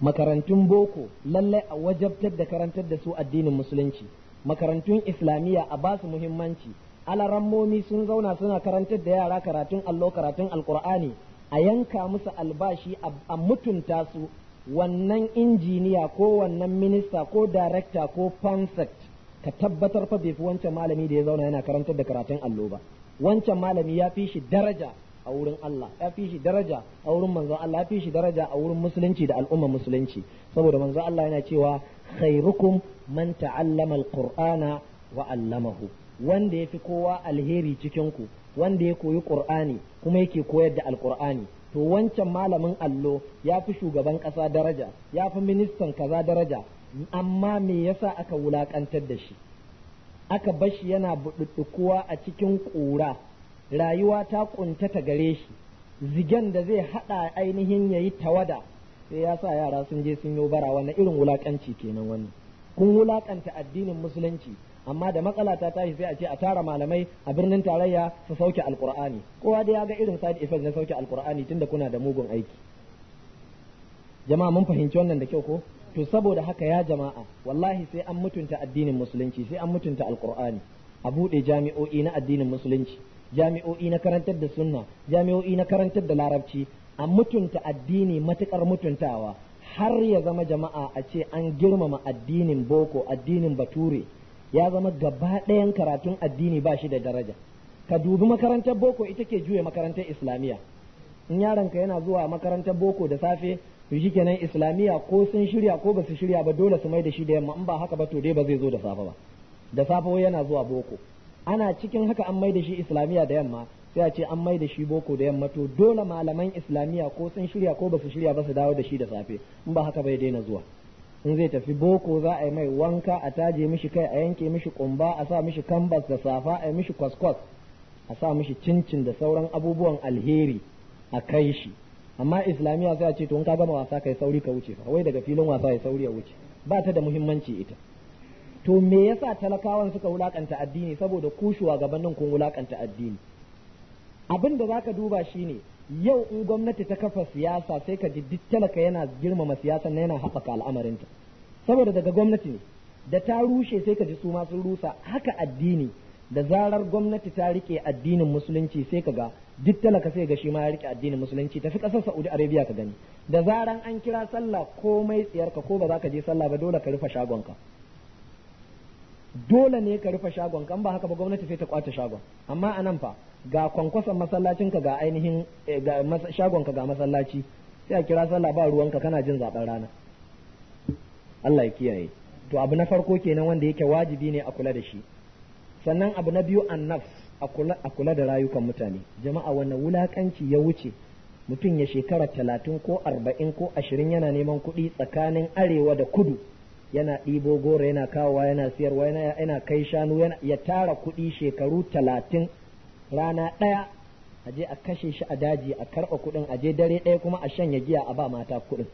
S1: makarantun boko lallai a wajabtar da karantar da su addinin musulunci makarantun islamiyya a ba su muhimmanci alarammomi sun zauna suna karantar da yara karatun allo karatun alkur'ani a yanka musu albashi a mutunta su wannan injiniya ko wannan minista ko darekta ko fansect ka tabbatar fa bai fi wancan malami da ya zauna yana karantar da karatun allo ba wancan malami ya fi shi daraja a wurin Allah ya fi shi daraja a wurin manzon Allah ya fi shi daraja a wurin musulunci da al'umma musulunci saboda manzon Allah yana cewa khairukum man ta'allama alqur'ana wa 'allamahu wanda yafi kowa alheri cikin ku wanda ya koyi qur'ani kuma yake koyar da alqur'ani to wancan malamin allo ya fi shugaban ƙasa daraja ya fi ministan kaza daraja amma me yasa aka wulakantar da shi aka bashi yana buɗuɗɗukuwa a cikin ƙura rayuwa ta ƙuntata gare shi zigen da zai haɗa ainihin ya yi tawada sai ya sa yara sun je sun yi bara wannan irin wulaƙanci kenan wannan kun wulaƙanta addinin musulunci amma da matsala ta tashi sai a ce a tara malamai a birnin tarayya su sauke Alƙur'ani kowa da ya ga irin side effect na sauke alkur'ani tunda kuna da mugun aiki jama'a mun fahimci wannan da kyau ko to saboda haka ya jama'a wallahi sai an mutunta addinin musulunci sai an mutunta Alƙur'ani a buɗe jami'o'i na addinin musulunci jami'o'i na karantar da sunna jami'o'i na karantar da larabci a mutunta addini matukar mutuntawa har ya zama jama'a a ce an girmama addinin boko addinin bature ya zama gaba ɗayan karatun addini ba shi da daraja ka dubi makarantar boko ita ke juya makarantar islamiyya in yaronka yana zuwa makarantar boko da safe to shi kenan islamiyya ko sun shirya ko ba su shirya ba dole su mai da shi da yamma in ba haka ba to dai ba zai zo da safe ba da safe yana zuwa boko ana cikin haka an mai da shi islamiyya da yamma sai a ce an mai da shi boko da yamma to dole malaman islamiyya ko sun shirya ko ba su shirya ba su dawo da shi da safe in ba haka bai daina zuwa in zai tafi boko za a yi mai wanka a taje mishi kai a yanke mishi kumba a sa mishi kambas da safa a yi mishi kwaskwas a sa mishi cincin da sauran abubuwan alheri a kai shi amma islamiyya sai a ce to in ka gama wasa kai sauri ka wuce fa wai daga filin wasa ya sauri ya wuce ba ta da muhimmanci ita to me yasa talakawan suka wulakanta addini saboda ku shugabannin kun wulakanta addini abin da zaka duba shine yau in gwamnati ta kafa siyasa sai ka ji duk talaka yana girmama siyasa na yana haɓaka al'amarinta saboda daga gwamnati ne da ta rushe sai ka ji su ma sun rusa haka addini da zarar gwamnati ta rike addinin musulunci sai ka ga duk talaka sai ga shi ma ya rike addinin musulunci tafi ƙasar Saudi Arabia ka gani da zarar an kira sallah komai tsiyarka ko ba za ka je sallah ba dole ka rufe shagon ka. dole ne ka rufe shagon kan ba haka ba gwamnati sai ta kwace shagon amma a nan fa ga kwankwason masallacin ka ga ainihin eh, shagon ka ga masallaci sai a kira sallah ba ruwanka kana jin zaben rana Allah ya kiyaye to abu na farko kenan wanda yake wajibi ne a kula da shi sannan abu na biyu an nafs a kula da rayukan mutane jama'a wannan wulakanci ya wuce mutum ya shekara talatin ko arba'in ko ashirin yana neman kuɗi tsakanin arewa da kudu yana ɗibo goro yana kawowa yana siyarwa yana kai shanu ya tara kuɗi shekaru talatin rana ɗaya a je a kashe shi a daji a karɓa kuɗin a je dare ɗaya kuma a shanya giya a ba mata kuɗin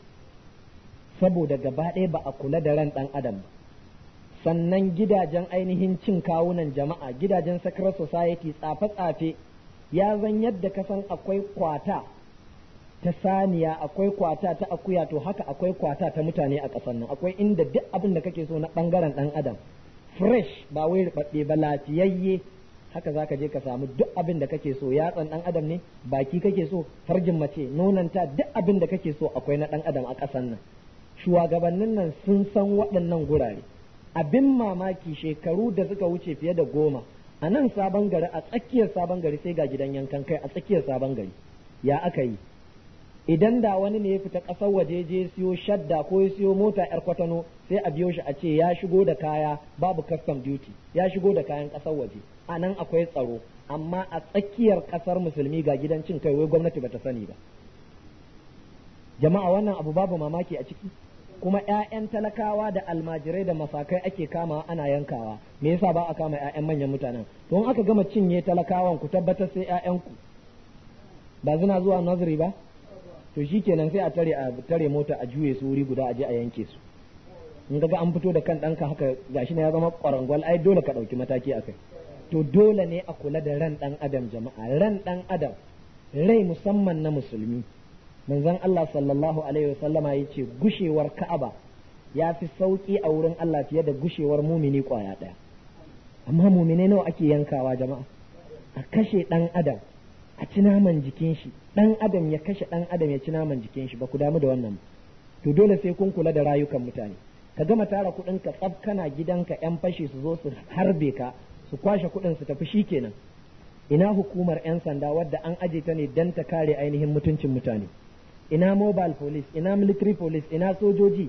S1: saboda gaba ɗaya ba a kula da ran ɗan adam ba sannan gidajen ainihin cin kawunan jama'a gidajen secret society tsafe-tsafe ya zan yadda ka san akwai kwata ta saniya akwai kwata ta akuya to haka akwai kwata ta mutane a ƙasar nan akwai inda duk abin da kake so na ɓangaren ɗan adam fresh ba wai rubabbe ba lafiyayye haka zaka je ka samu duk abin da kake so yatsan ɗan adam ne baki kake so farjin mace nonanta duk abin da kake so akwai na ɗan adam a ƙasar nan shugabannin nan sun san waɗannan gurare abin mamaki shekaru da suka wuce fiye da goma a nan sabon gari a tsakiyar sabon gari sai ga gidan yankan kai a tsakiyar sabon gari ya aka yi idan da wani ne ya fita ƙasar waje je siyo shadda ko ya siyo mota yar kwatano sai a biyo shi a ce ya shigo da kaya babu custom duty ya shigo da kayan ƙasar waje a nan akwai tsaro amma a tsakiyar ƙasar musulmi ga gidan cin kai wai gwamnati bata sani ba jama'a wannan abu babu mamaki a ciki kuma 'ya'yan talakawa da almajirai da masakai ake kama ana yankawa me yasa ba a kama 'ya'yan manyan mutanen to in aka gama cinye talakawan ku tabbatar sai 'ya'yanku ba zina zuwa nazari ba to shi kenan sai a tare a tare mota a juye su wuri guda a je a yanke su in ga an fito da kan ɗanka haka gashi na ya zama kwarangwal ai dole ka ɗauki mataki akai to dole ne a kula da ran ɗan adam jama'a ran ɗan adam rai musamman na musulmi manzon Allah sallallahu alaihi wasallama yace gushewar Ka'aba ya fi sauki a wurin Allah fiye da gushewar mumini kwaya ɗaya amma mumine nawa ake yankawa jama'a a kashe ɗan adam a ci naman jikin shi ɗan adam ya kashe ɗan adam ya ci naman jikin shi ba ku damu da wannan to dole sai kun kula da rayukan mutane ka gama tara kuɗin ka tsaf kana gidanka yan fashi su zo su harbe ka su kwashe kuɗin su tafi shikenan ina hukumar yan sanda wadda an aje ta ne dan ta kare ainihin mutuncin mutane ina mobile police ina military police ina sojoji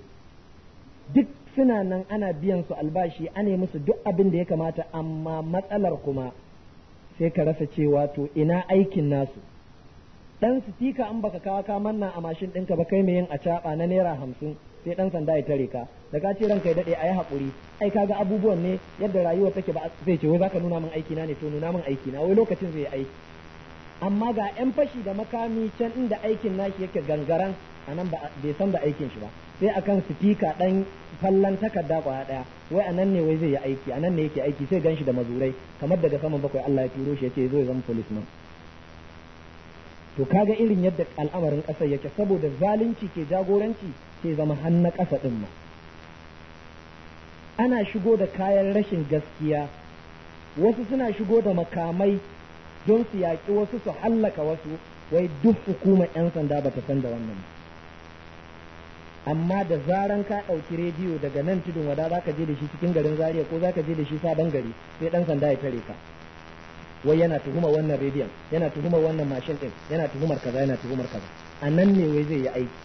S1: duk suna nan ana biyan su albashi ane musu duk abin da ya kamata amma matsalar kuma sai ka rasa cewa to ina aikin nasu dan sitika an baka kawo ka manna a mashin ɗinka ba kai mai yin a na naira hamsin sai dan sanda ya tare ka da ka ce ranka ya dade yi hakuri ai ga abubuwan ne yadda rayuwar take ba zai ce wai zaka nuna min aiki na ne to nuna min aiki na wai lokacin zai aiki amma ga yan fashi da makami can inda aikin nashi yake gangaran a nan bai san da aikin shi ba sai akan sitika ɗan. kallon takarda kwaya daya wai anan ne wai zai yi aiki anan ne yake aiki sai ganshi da mazurai kamar daga saman bakwai Allah ya turo shi yace zo ya zama policeman to kaga irin yadda al'amarin kasar yake saboda zalunci ke jagoranci ke zama hanna ƙasa kasa din ma ana shigo da kayan rashin gaskiya wasu suna shigo da makamai don su yaƙi wasu su hallaka wasu wai duk hukumar 'yan sanda ba ta san da wannan ba amma da zaran ka ɗauki rediyo daga nan tudun wada za ka je da shi cikin garin zaria ko za ka je da shi sabon gari sai ɗan sanda ya tare ka wai yana tuhuma wannan rediyon yana tuhuma wannan mashin ɗin yana tuhumar kaza yana tuhumar kaza a nan ne wai zai yi aiki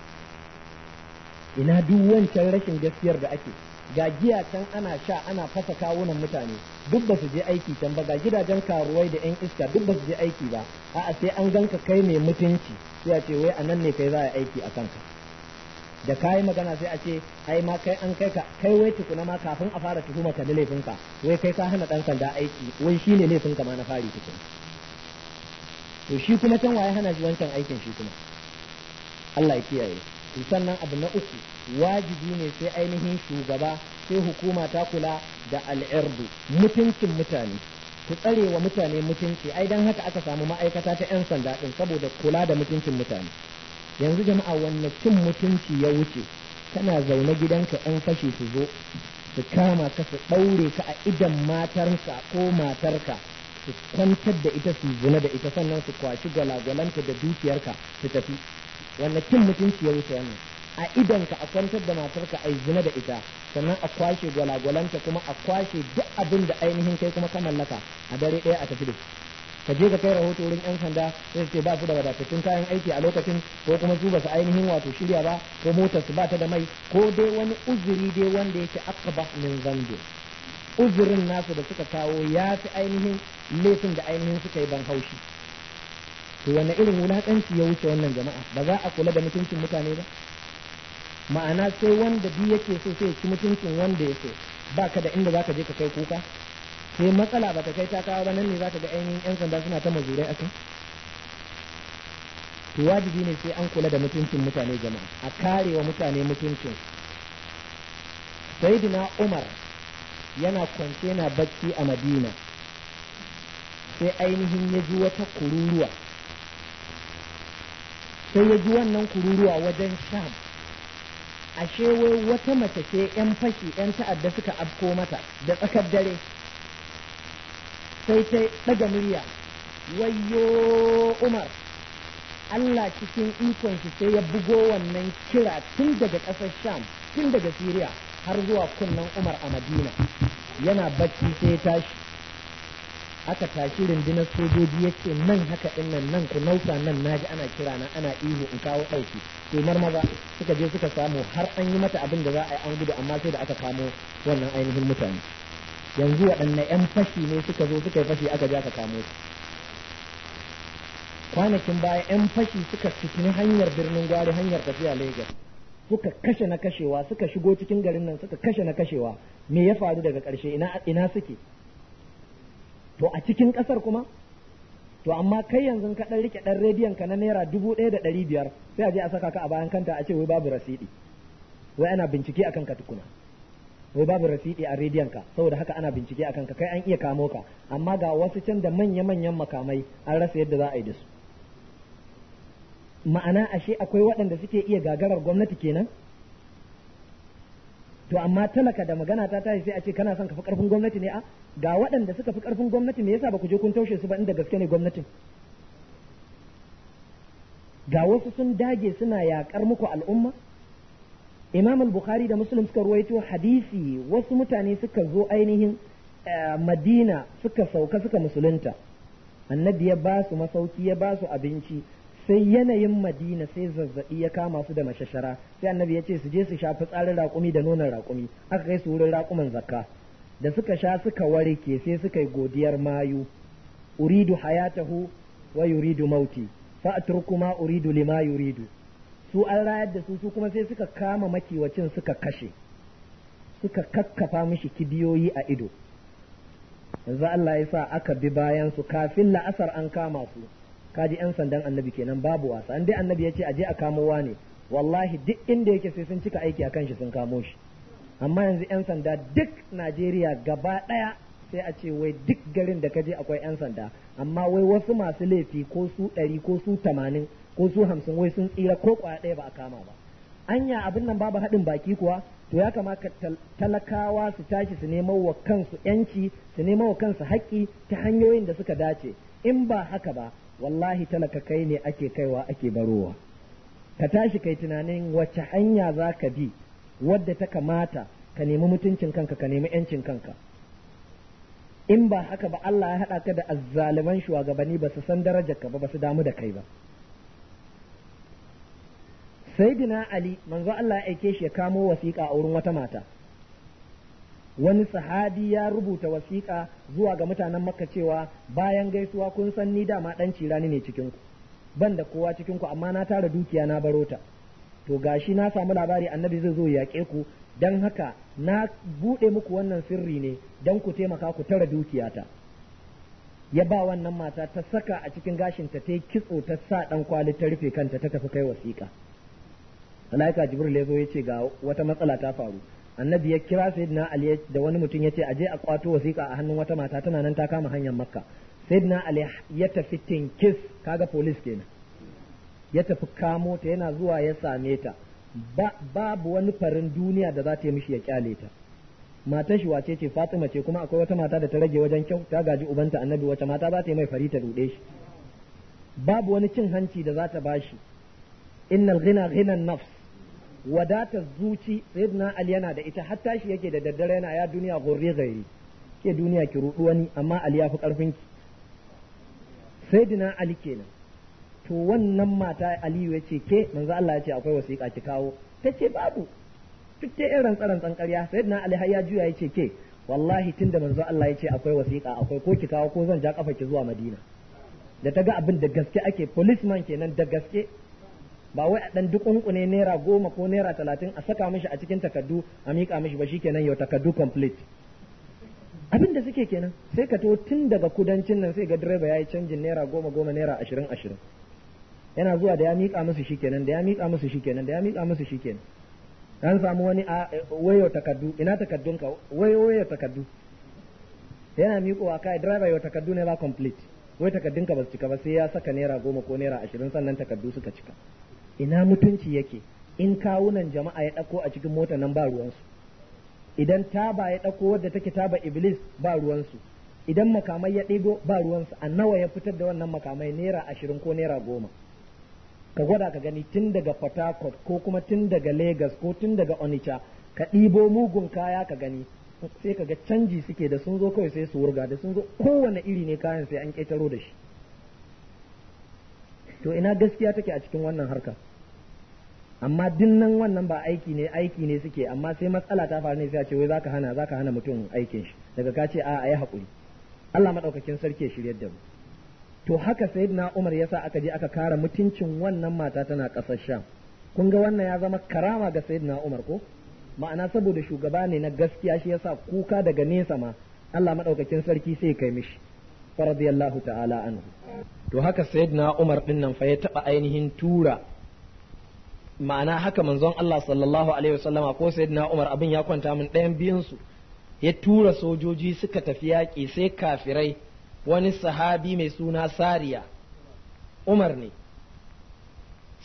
S1: ina duk wancan rashin gaskiyar da ake ga giya can ana sha ana fasa kawunan mutane duk ba su je aiki can ba ga gidajen karuwai da 'yan iska duk ba su je aiki ba a'a sai an ganka kai mai mutunci sai a ce wai a nan ne kai za a aiki a kanka da ka yi magana sai a ce ai ma kai an kai ka kai wai tukuna ma kafin a fara tuhuma ka da laifinka wai kai ka hana ɗan sanda aiki wai shine laifinka ma na fari tukuna to shi kuma can waye hana shi wancan aikin shi kuma Allah ya kiyaye sannan abu na uku wajibi ne sai ainihin shugaba sai hukuma ta kula da al'irdu mutuncin mutane ku tsare wa mutane mutunci ai dan haka aka samu ma'aikata ta 'yan sanda din saboda kula da mutuncin mutane yanzu jama'a wanne cin mutunci ya wuce tana zaune gidanka ɗan kashe su zo su kama ka su ɗaure ka a idan matarka ko matarka su kwantar da ita su zuna da ita sannan su kwashi gwalagwalanta da dukiyarka su tafi Wanne cin mutunci ya wuce wannan a idan ka a kwantar da matarka a zuna da ita sannan a kwashe gwalagwalanta kuma a kwashe duk abin da ainihin kai kuma ka mallaka a dare ɗaya a tafi da shi ka je ka kai rahoto wurin yan sanda sai su ce ba su da wadatattun kayan aiki a lokacin ko kuma su ba su ainihin wato shirya ba ko motar su ba ta da mai ko dai wani uzuri dai wanda yake akaba min zambe uzurin nasu da suka kawo ya fi ainihin laifin da ainihin suka yi ban haushi to wanne irin wulakanci ya wuce wannan jama'a ba za a kula da mutuncin mutane ba ma'ana sai wanda bi yake so sai ci mutuncin wanda ya so ba ka da inda za ka je ka kai kuka sai eh, matsala ba ta kai ta kawo ba nan ne za ta ga ainihin yan sanda suna ta mazurai akan to wajibi ne sai an kula da mutuncin mutane jama'a a karewa mutane mutuncin sayyidina umar yana kwance na bacci a madina sai ainihin ya ji wata kururuwa sai ya ji wannan kururuwa wajen sham ashe wai wata mace ce 'yan fashi 'yan ta'adda suka afko mata da tsakar dare sai ta daga murya wayyo umar Allah cikin ikon sai ya bugo wannan kira tun daga ƙasar sham tun daga siriya har zuwa kunnen umar a madina yana bacci sai ya tashi aka tashi rundunar sojoji ya ce nan haka ɗin nan nan ku nausa nan naji ana kira na ana ihu in kawo ɗauki to maza suka je suka samu har an yi mata abin da za a yi an gudu amma sai da aka kamo wannan ainihin mutane yanzu waɗanne 'yan fashi ne suka zo suka yi fashi aka ja ka kamo su kwanakin baya 'yan fashi suka cikin hanyar birnin gwari hanyar tafiya Legas suka kashe na kashewa suka shigo cikin garin nan suka kashe na kashewa me ya faru daga ƙarshe ina ina suke to a cikin ƙasar kuma to amma kai yanzu ka ɗan rike ɗan rediyon ka na naira dubu ɗaya da ɗari biyar sai a je a saka ka a bayan kanta a ce wai babu rasidi wai ana bincike akan ka tukuna wai babu rasidi a rediyon ka saboda haka ana bincike akan ka kai an iya kamo ka amma ga wasu can da manya-manyan makamai an rasa yadda za a yi da su ma'ana ashe akwai waɗanda suke iya gagarar gwamnati kenan to amma talaka da magana ta tashi sai a ce kana son ka fi karfin gwamnati ne a ga waɗanda suka fi karfin gwamnati me yasa ba ku je kun taushe su ba inda gaske ne gwamnatin ga wasu sun dage suna yakar muku al'umma imam al-bukhari da muslim suka ruwaito hadisi wasu mutane suka zo ainihin eh, madina suka sauka suka musulunta annabi ya ba su masauki ya ba su abinci sai yanayin madina sai zazzabi ya kama su da mashashara sai annabi ya ce su je su sha fitsarin raƙumi da nonon raƙumi aka kai su wurin raƙuman zakka da suka sha suka warke sai suka yi godiyar mayu uridu hayatahu wa yuridu mauti fa atrukuma uridu lima yuridu su an rayar da su su kuma sai suka kama makiwacin suka kashe suka kakkafa mishi kibiyoyi a ido yanzu Allah ya sa aka bi bayan su kafin la'asar an kama su kaji yan sandan annabi kenan babu wasa an dai annabi ya ce aje a kamo ne wallahi duk inda yake sai sun cika aiki akan shi sun kamo shi amma yanzu yan sanda duk Najeriya gaba daya sai a ce wai duk garin da kaje akwai yan sanda amma wai wasu masu laifi ko su ɗari ko su tamanin ko su hamsin wai sun tsira ko kwaya ɗaya ba a kama ba anya abin nan babu haɗin baki kuwa to ya kamata talakawa su tashi su nemo wa kansu yanci su nemo wa kansu haƙƙi ta hanyoyin da suka dace in ba haka ba wallahi talaka kai ne ake kaiwa ake barowa ka tashi kai tunanin wace hanya za ka bi wadda ta kamata ka nemi mutuncin kanka ka nemi yancin kanka in ba haka ba Allah ya haɗa ka da azzaliman shugabanni ba su san darajar ka ba ba su damu da kai ba saidina ali manzo Allah ya aike shi ya kamo wasiƙa a wurin wata mata wani sahabi ya rubuta wasiƙa zuwa ga mutanen makka cewa bayan gaisuwa kun san ni dama dan cirani ne cikin ku ban da kowa cikin ku amma na tara dukiya na barota to gashi na samu labari annabi zai zo ya yaƙe ku dan haka na buɗe muku wannan sirri ne dan ku taimaka ku tara ta ya ba wannan mata ta saka a cikin gashinta ta yi kitso ta sa dan kwali ta rufe kanta ta tafi kai wasiƙa malaika jibril ya zo ya ce ga wata matsala ta faru annabi ya kira sayyidina ali da wani mutum ya ce aje a kwato wasiƙa a hannun wata mata tana nan ta kama hanyar makka sayyidina ali ya tafi tinkis kaga police kenan ya tafi kamo ta yana zuwa ya same ta babu wani farin duniya da za ta yi mishi ya kyale ta matar shi wace ce Fatima ce kuma akwai wata mata da ta rage wajen kyau ta gaji ubanta annabi wata mata za ta yi mai fari ta rude shi babu wani cin hanci da za ta bashi innal ghina ghinan nafs wadatar zuci sayyidina ali yana da ita hatta shi yake da daddare yana ya duniya gurri gairi ke duniya ki rudu wani amma ali ya fi karfin ki sayyidina ali kenan to wannan mata aliyu ya ce ke manzo Allah ya ce akwai wasiƙa ki kawo ta babu tace irin tsarantsan ƙarya sayyidina ali har ya juya ya ce ke wallahi tunda manzo Allah ya ce akwai wasiƙa akwai ko ki kawo ko zan ja kafa ki zuwa madina da ta ga abin da gaske ake policeman kenan da gaske ba wai a dan ne naira goma ko naira talatin a saka mishi a cikin takardu a miƙa mishi ba shi kenan yau takardu complete abin da suke kenan sai ka to tun daga kudancin nan sai ga direba ya yi canjin naira goma goma naira ashirin ashirin yana zuwa da ya miƙa musu shi kenan da ya miƙa musu shi kenan da ya miƙa musu shi kenan an samu wani a eh, wayo takardu ina ka wayo wayo takardu yana miƙowa kai direba yau takardu ne ba complete wai ka ba su cika ba sai ya saka naira goma ko naira ashirin sannan takardu suka cika ina mutunci yake in kawunan jama'a ya ɗauko a cikin mota nan ba ruwansu idan taba ya ɗauko wadda take taba iblis ba ruwansu idan makamai ya ɗigo ba ruwansu a nawa ya fitar da wannan makamai naira ashirin ko naira goma ka gwada ka gani tun daga port ko kuma tun daga lagos ko tun daga onitsha ka ɗibo mugun kaya ka gani sai ka ga canji suke da sun zo kawai sai su wurga da sun zo kowane iri ne kayan sai an ƙetaro da shi to ina gaskiya take a cikin wannan harkar amma dinnan wannan ba aiki ne aiki ne suke amma sai matsala ta faru ne sai a ce wai zaka hana zaka hana mutum aikin shi daga ka ce a ayi hakuri Allah madaukakin sarki ya shiryar da mu to haka sayyidina Umar yasa aka je aka kara mutuncin wannan mata tana kasar Sham kun ga wannan ya zama karama ga sayyidina Umar ko ma'ana saboda shugaba ne na gaskiya shi yasa kuka daga nesa ma Allah madaukakin sarki sai kai mishi radiyallahu ta'ala anhu to haka sayyidina Umar din nan fa ya taba ainihin tura ma'ana haka manzon Allah sallallahu alaihi wasallama ko sayyidina Umar abin ya kwanta min ɗayan biyun su ya tura sojoji suka tafi yaƙi sai kafirai wani sahabi mai suna Sariya Umar ne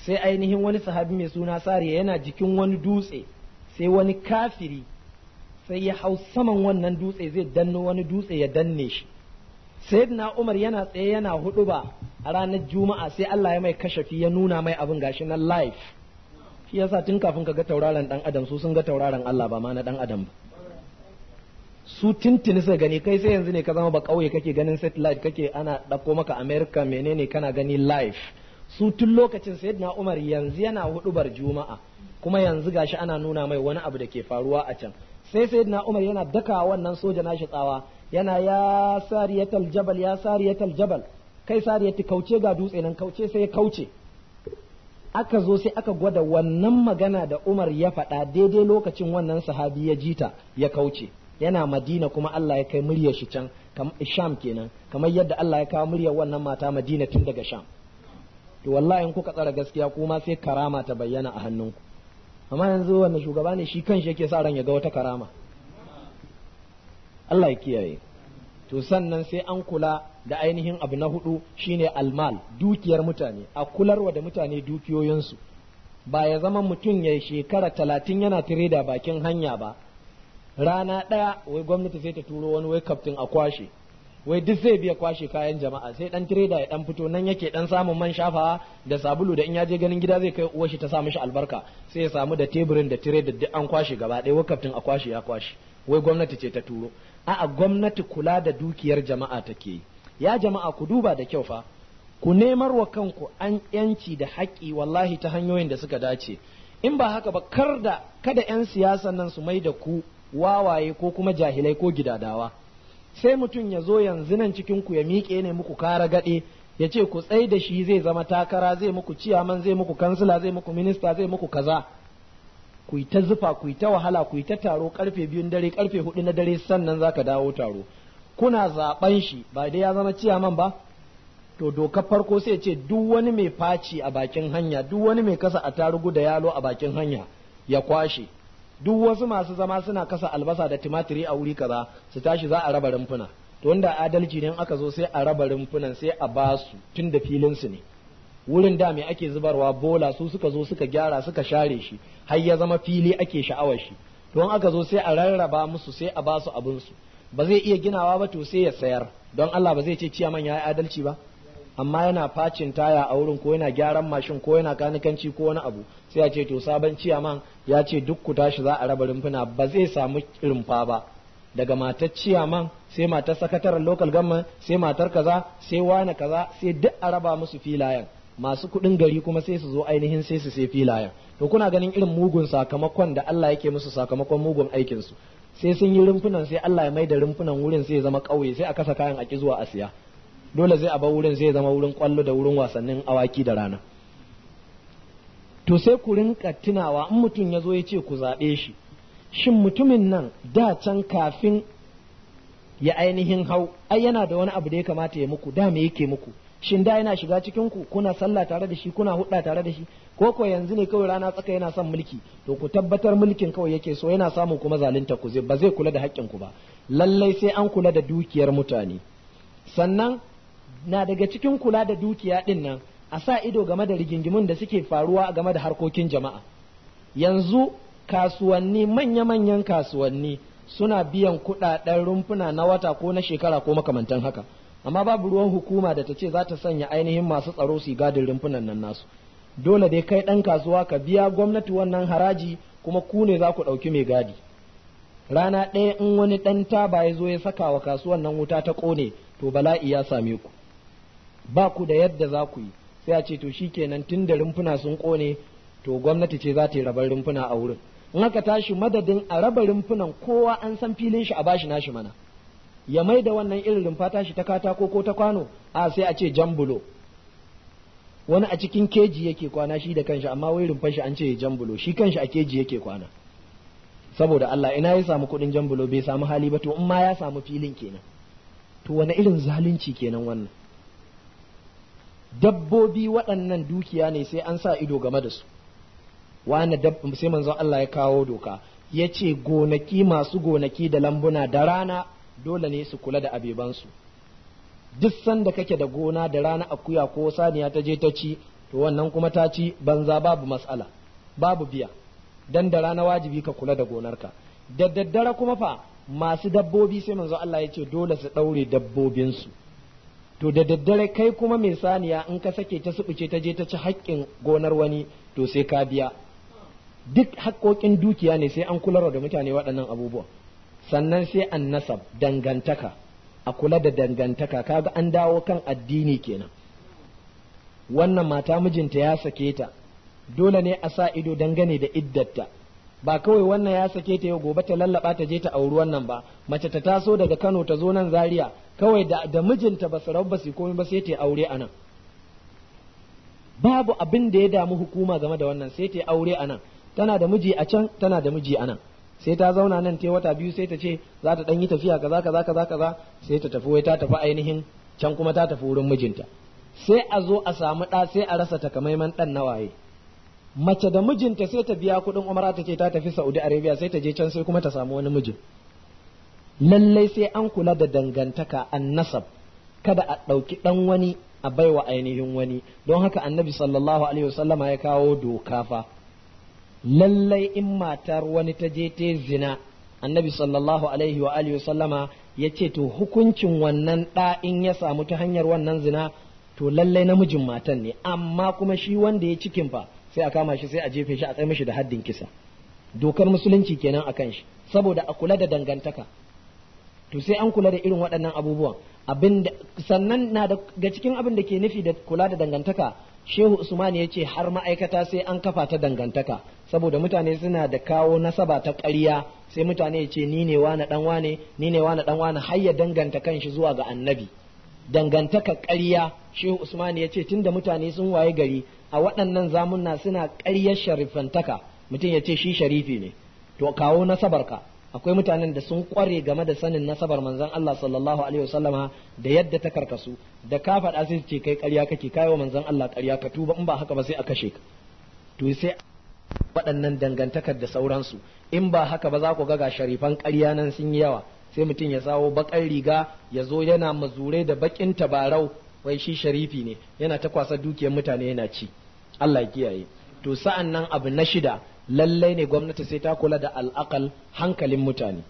S1: sai ainihin wani sahabi mai suna Sariya yana jikin wani dutse sai wani kafiri sai ya hau saman wannan dutse zai danno wani dutse ya danne shi sayyidina Umar yana tsaye yana huɗuba a ranar juma'a sai Allah ya mai kashafi ya nuna mai abin gashi na life shi yasa tun kafin ka ga tauraron dan adam su sun ga tauraron Allah ba ma na dan adam ba su tintini sai gani kai sai yanzu ne ka zama ba kauye kake ganin satellite kake ana ɗauko maka america menene kana gani live su tun lokacin sayyidina umar yanzu yana hudubar juma'a kuma yanzu gashi ana nuna mai wani abu da ke faruwa a can sai sayyidina umar yana daka wannan soja nashi tsawa yana ya sariyatal jabal ya sariyatal jabal kai sariyati kauce ga dutse nan kauce sai ya kauce aka zo sai aka gwada wannan magana da Umar ya faɗa daidai lokacin wannan sahabi ya jita ya kauce yana Madina kuma Allah ya kai muryar shi can Sham kenan kamar yadda Allah ya kawo muryar wannan mata Madina tun daga Sham to wallahi in kuka tsara gaskiya kuma sai karama ta bayyana a hannunku amma yanzu wannan shugaba ne shi kanshi yake sa ran ya ga wata karama Allah ya kiyaye to sannan sai an kula da ainihin abu na hudu shine almal dukiyar mutane a kularwa da mutane dukiyoyinsu ba ya zama mutum ya shekara talatin yana tireda bakin hanya ba rana ɗaya wai gwamnati sai ta turo wani wai kaftin a kwashe wai duk zai biya kwashe kayan jama'a sai dan tireda ya dan fito nan yake dan samun man shafawa da sabulu da in ya je ganin gida zai kai uwar shi ta sa mishi albarka sai ya samu da teburin da tireda duk an kwashe gaba ɗaya wai kaftin a kwashe ya kwashe wai gwamnati ce ta turo a'a gwamnati kula da dukiyar jama'a take yi ya jama'a ku duba da kyau fa ku nemar wa kanku an yanci da haƙƙi wallahi ta hanyoyin da suka dace in ba haka ba kar da kada 'yan siyasan nan su mai da ku wawaye ko kuma jahilai ko gidadawa sai mutum ya zo yanzu nan cikin ku ya miƙe ne muku kara gaɗe ya ce ku tsai da shi zai zama takara zai muku ciyaman zai muku kansila zai muku minista zai muku kaza ku yi ta zufa ku yi ta wahala ku yi ta taro karfe biyun dare karfe hudu na dare sannan zaka dawo taro kuna zaben shi ba dai ya zama ciyaman ba to dokar farko sai ce duk wani mai faci a bakin hanya duk wani mai kasa a tarugu da yalo a bakin hanya ya kwashe duk wasu masu zama suna kasa albasa da tumatiri a wuri kaza su tashi za a raba rumfuna to wanda adalci ne aka zo sai a raba rumfunan sai a basu tun da filin su ne wurin da me ake zubarwa bola su suka zo suka gyara suka share shi har ya zama fili ake sha'awar shi to aka zo sai a rarraba musu sai a basu abin su ba zai iya ginawa ba to sai ya sayar don Allah ba zai ce ciyaman ya yi adalci ba amma yana facin taya a wurin ko yana gyaran mashin ko yana kanikanci ko wani abu sai ya ce to sabon ciyaman ya ce duk ku tashi za a raba rumfuna ba zai samu rumfa ba daga matar ciyaman sai matar sakataren local government sai matar kaza sai wani kaza sai duk a raba musu filayen masu kuɗin gari kuma sai su zo ainihin sai su sai filayen to kuna ganin irin mugun sakamakon da Allah yake musu sakamakon mugun aikinsu sai sun yi rumfunan sai Allah ya mai da rumfunan wurin sai ya zama ƙauye sai a kasa kayan aki zuwa a siya dole zai a bar wurin sai ya zama wurin kwallo da wurin wasannin awaki da rana to sai ku rinka tunawa in mutum ya zo ya ce ku zaɓe shi shin mutumin nan da can kafin ya ainihin hau ai yana da wani abu da ya kamata ya muku da me yake muku shin da yana shiga cikin ku kuna sallah tare da shi kuna huɗa tare da shi ko ko yanzu ne kawai rana tsaka yana son mulki to ku tabbatar mulkin kawai yake so yana samu kuma zalunta ku ba zai kula da haƙƙin ku ba lallai sai an kula da dukiyar mutane sannan na daga cikin kula da dukiya din nan a sa ido game da rigingimun da suke faruwa a game da harkokin jama'a yanzu kasuwanni manya-manyan kasuwanni suna biyan kuɗaɗen rumfuna na wata ko na shekara ko makamantan haka amma babu ruwan hukuma da ta ce za ta sanya ainihin masu tsaro su gadin rumfunan nan nasu dole dai kai ɗan kasuwa ka biya gwamnati wannan haraji kuma ku ne za ku ɗauki mai gadi rana ɗaya in wani ɗan taba ya zo ya saka wa kasuwan nan wuta ta ƙone to bala'i ya same ku ba ku da yadda za ku yi sai a ce to shi kenan tun da rumfuna sun ƙone to gwamnati ce za ta yi rabar rumfuna a wurin in aka tashi madadin a raba rumfunan kowa an san filin shi a bashi nashi mana ya mai da wannan irin rumfa tashi ta katako ko ta kwano a sai a ce jambulo wani a cikin keji yake kwana shi da kanshi amma wai rumfan shi an ce jambulo shi kanshi a keji yake kwana saboda Allah ina ya samu kuɗin jambulo bai samu hali ba to in ma ya samu filin kenan to wani irin zalunci kenan wannan dabbobi waɗannan dukiya ne sai an sa ido game da su wani sai manzon Allah ya kawo doka ya ce gonaki masu gonaki da lambuna da rana dole ne su kula da abebansu duk sanda kake da gona da rana akuya ko saniya ta je ta ci to wannan kuma ta ci banza babu matsala babu biya dan da rana wajibi ka kula da gonarka da daddare kuma fa masu dabbobi sai manzo Allah ya ce dole su daure dabbobinsu to da daddare kai kuma mai saniya in ka sake ta subuce ta je ta ci haƙƙin gonar wani to sai ka biya duk haƙƙoƙin dukiya ne sai an kula da mutane waɗannan abubuwa sannan sai an nasab dangantaka a kula da dangantaka kaga an dawo kan addini kenan wannan mata mijinta ya sake ta dole ne a sa ido dangane da iddarta ba kawai wannan ya sake ta yau gobe ta lallaba ta je ta auri wannan ba mace ta taso daga Kano ta zo nan Zaria kawai da, da mijinta ba su rabba su komai ba sai ta aure anan babu abin da ya damu hukuma game da wannan sai ta aure anan tana da miji a can tana da miji a nan sai ta zauna nan ta wata biyu sai ta ce za ta ɗan yi tafiya kaza kaza kaza kaza sai ta tafi wai ta tafi ainihin can kuma ta tafi wurin mijinta sai a zo a samu ɗa sai a rasa takamaiman ɗan na waye mace da mijinta sai ta biya kuɗin umara ta ce ta tafi Saudi Arabia sai ta je can sai kuma ta samu wani mijin lallai sai an kula da dangantaka an nasab kada a ɗauki ɗan wani a baiwa ainihin wani don haka annabi sallallahu alaihi wasallama ya kawo doka fa lallai in matar wani ta je ta zina annabi sallallahu alaihi wa alihi sallama ya ce to hukuncin wannan ɗa in ya samu ta hanyar wannan zina to lallai namijin matan ne amma kuma shi wanda ya cikin fa sai a kama shi sai a jefe shi a tsaye mishi da haddin kisa dokar musulunci kenan akan shi saboda a kula da dangantaka to sai an kula da irin waɗannan abubuwan abin sannan na ga cikin abin da ke nufi da kula da dangantaka shehu usman ya ce har ma'aikata sai an kafa ta dangantaka saboda mutane suna da kawo nasaba ta ƙarya sai mutane ya ce ni ne wani ɗan wane ni ne wani ɗan wane har ya danganta kan shi zuwa ga annabi dangantaka ƙarya shehu usman ya ce tunda mutane sun waye gari a waɗannan zamunna suna ƙaryar sharifantaka mutum ya ce shi sharifi ne to kawo nasabarka akwai mutanen da sun kware game da sanin nasabar manzon Allah sallallahu alaihi wasallama da yadda ta karkasu da ka faɗa sai ce kai ƙarya kake wa manzon Allah ƙarya ka tuba in ba haka ba sai a kashe ka to sai waɗannan dangantakar da sauransu in ba haka ba za ku ga ga sharifan ƙarya nan sun yi yawa sai mutum ya sawo baƙar riga ya zo yana mazure da baƙin tabarau wai shi sharifi ne yana ta kwasa dukiyar mutane yana ci Allah kiyaye to sa'an nan abu na shida lallai ne gwamnati sai ta kula da al'akal hankalin mutane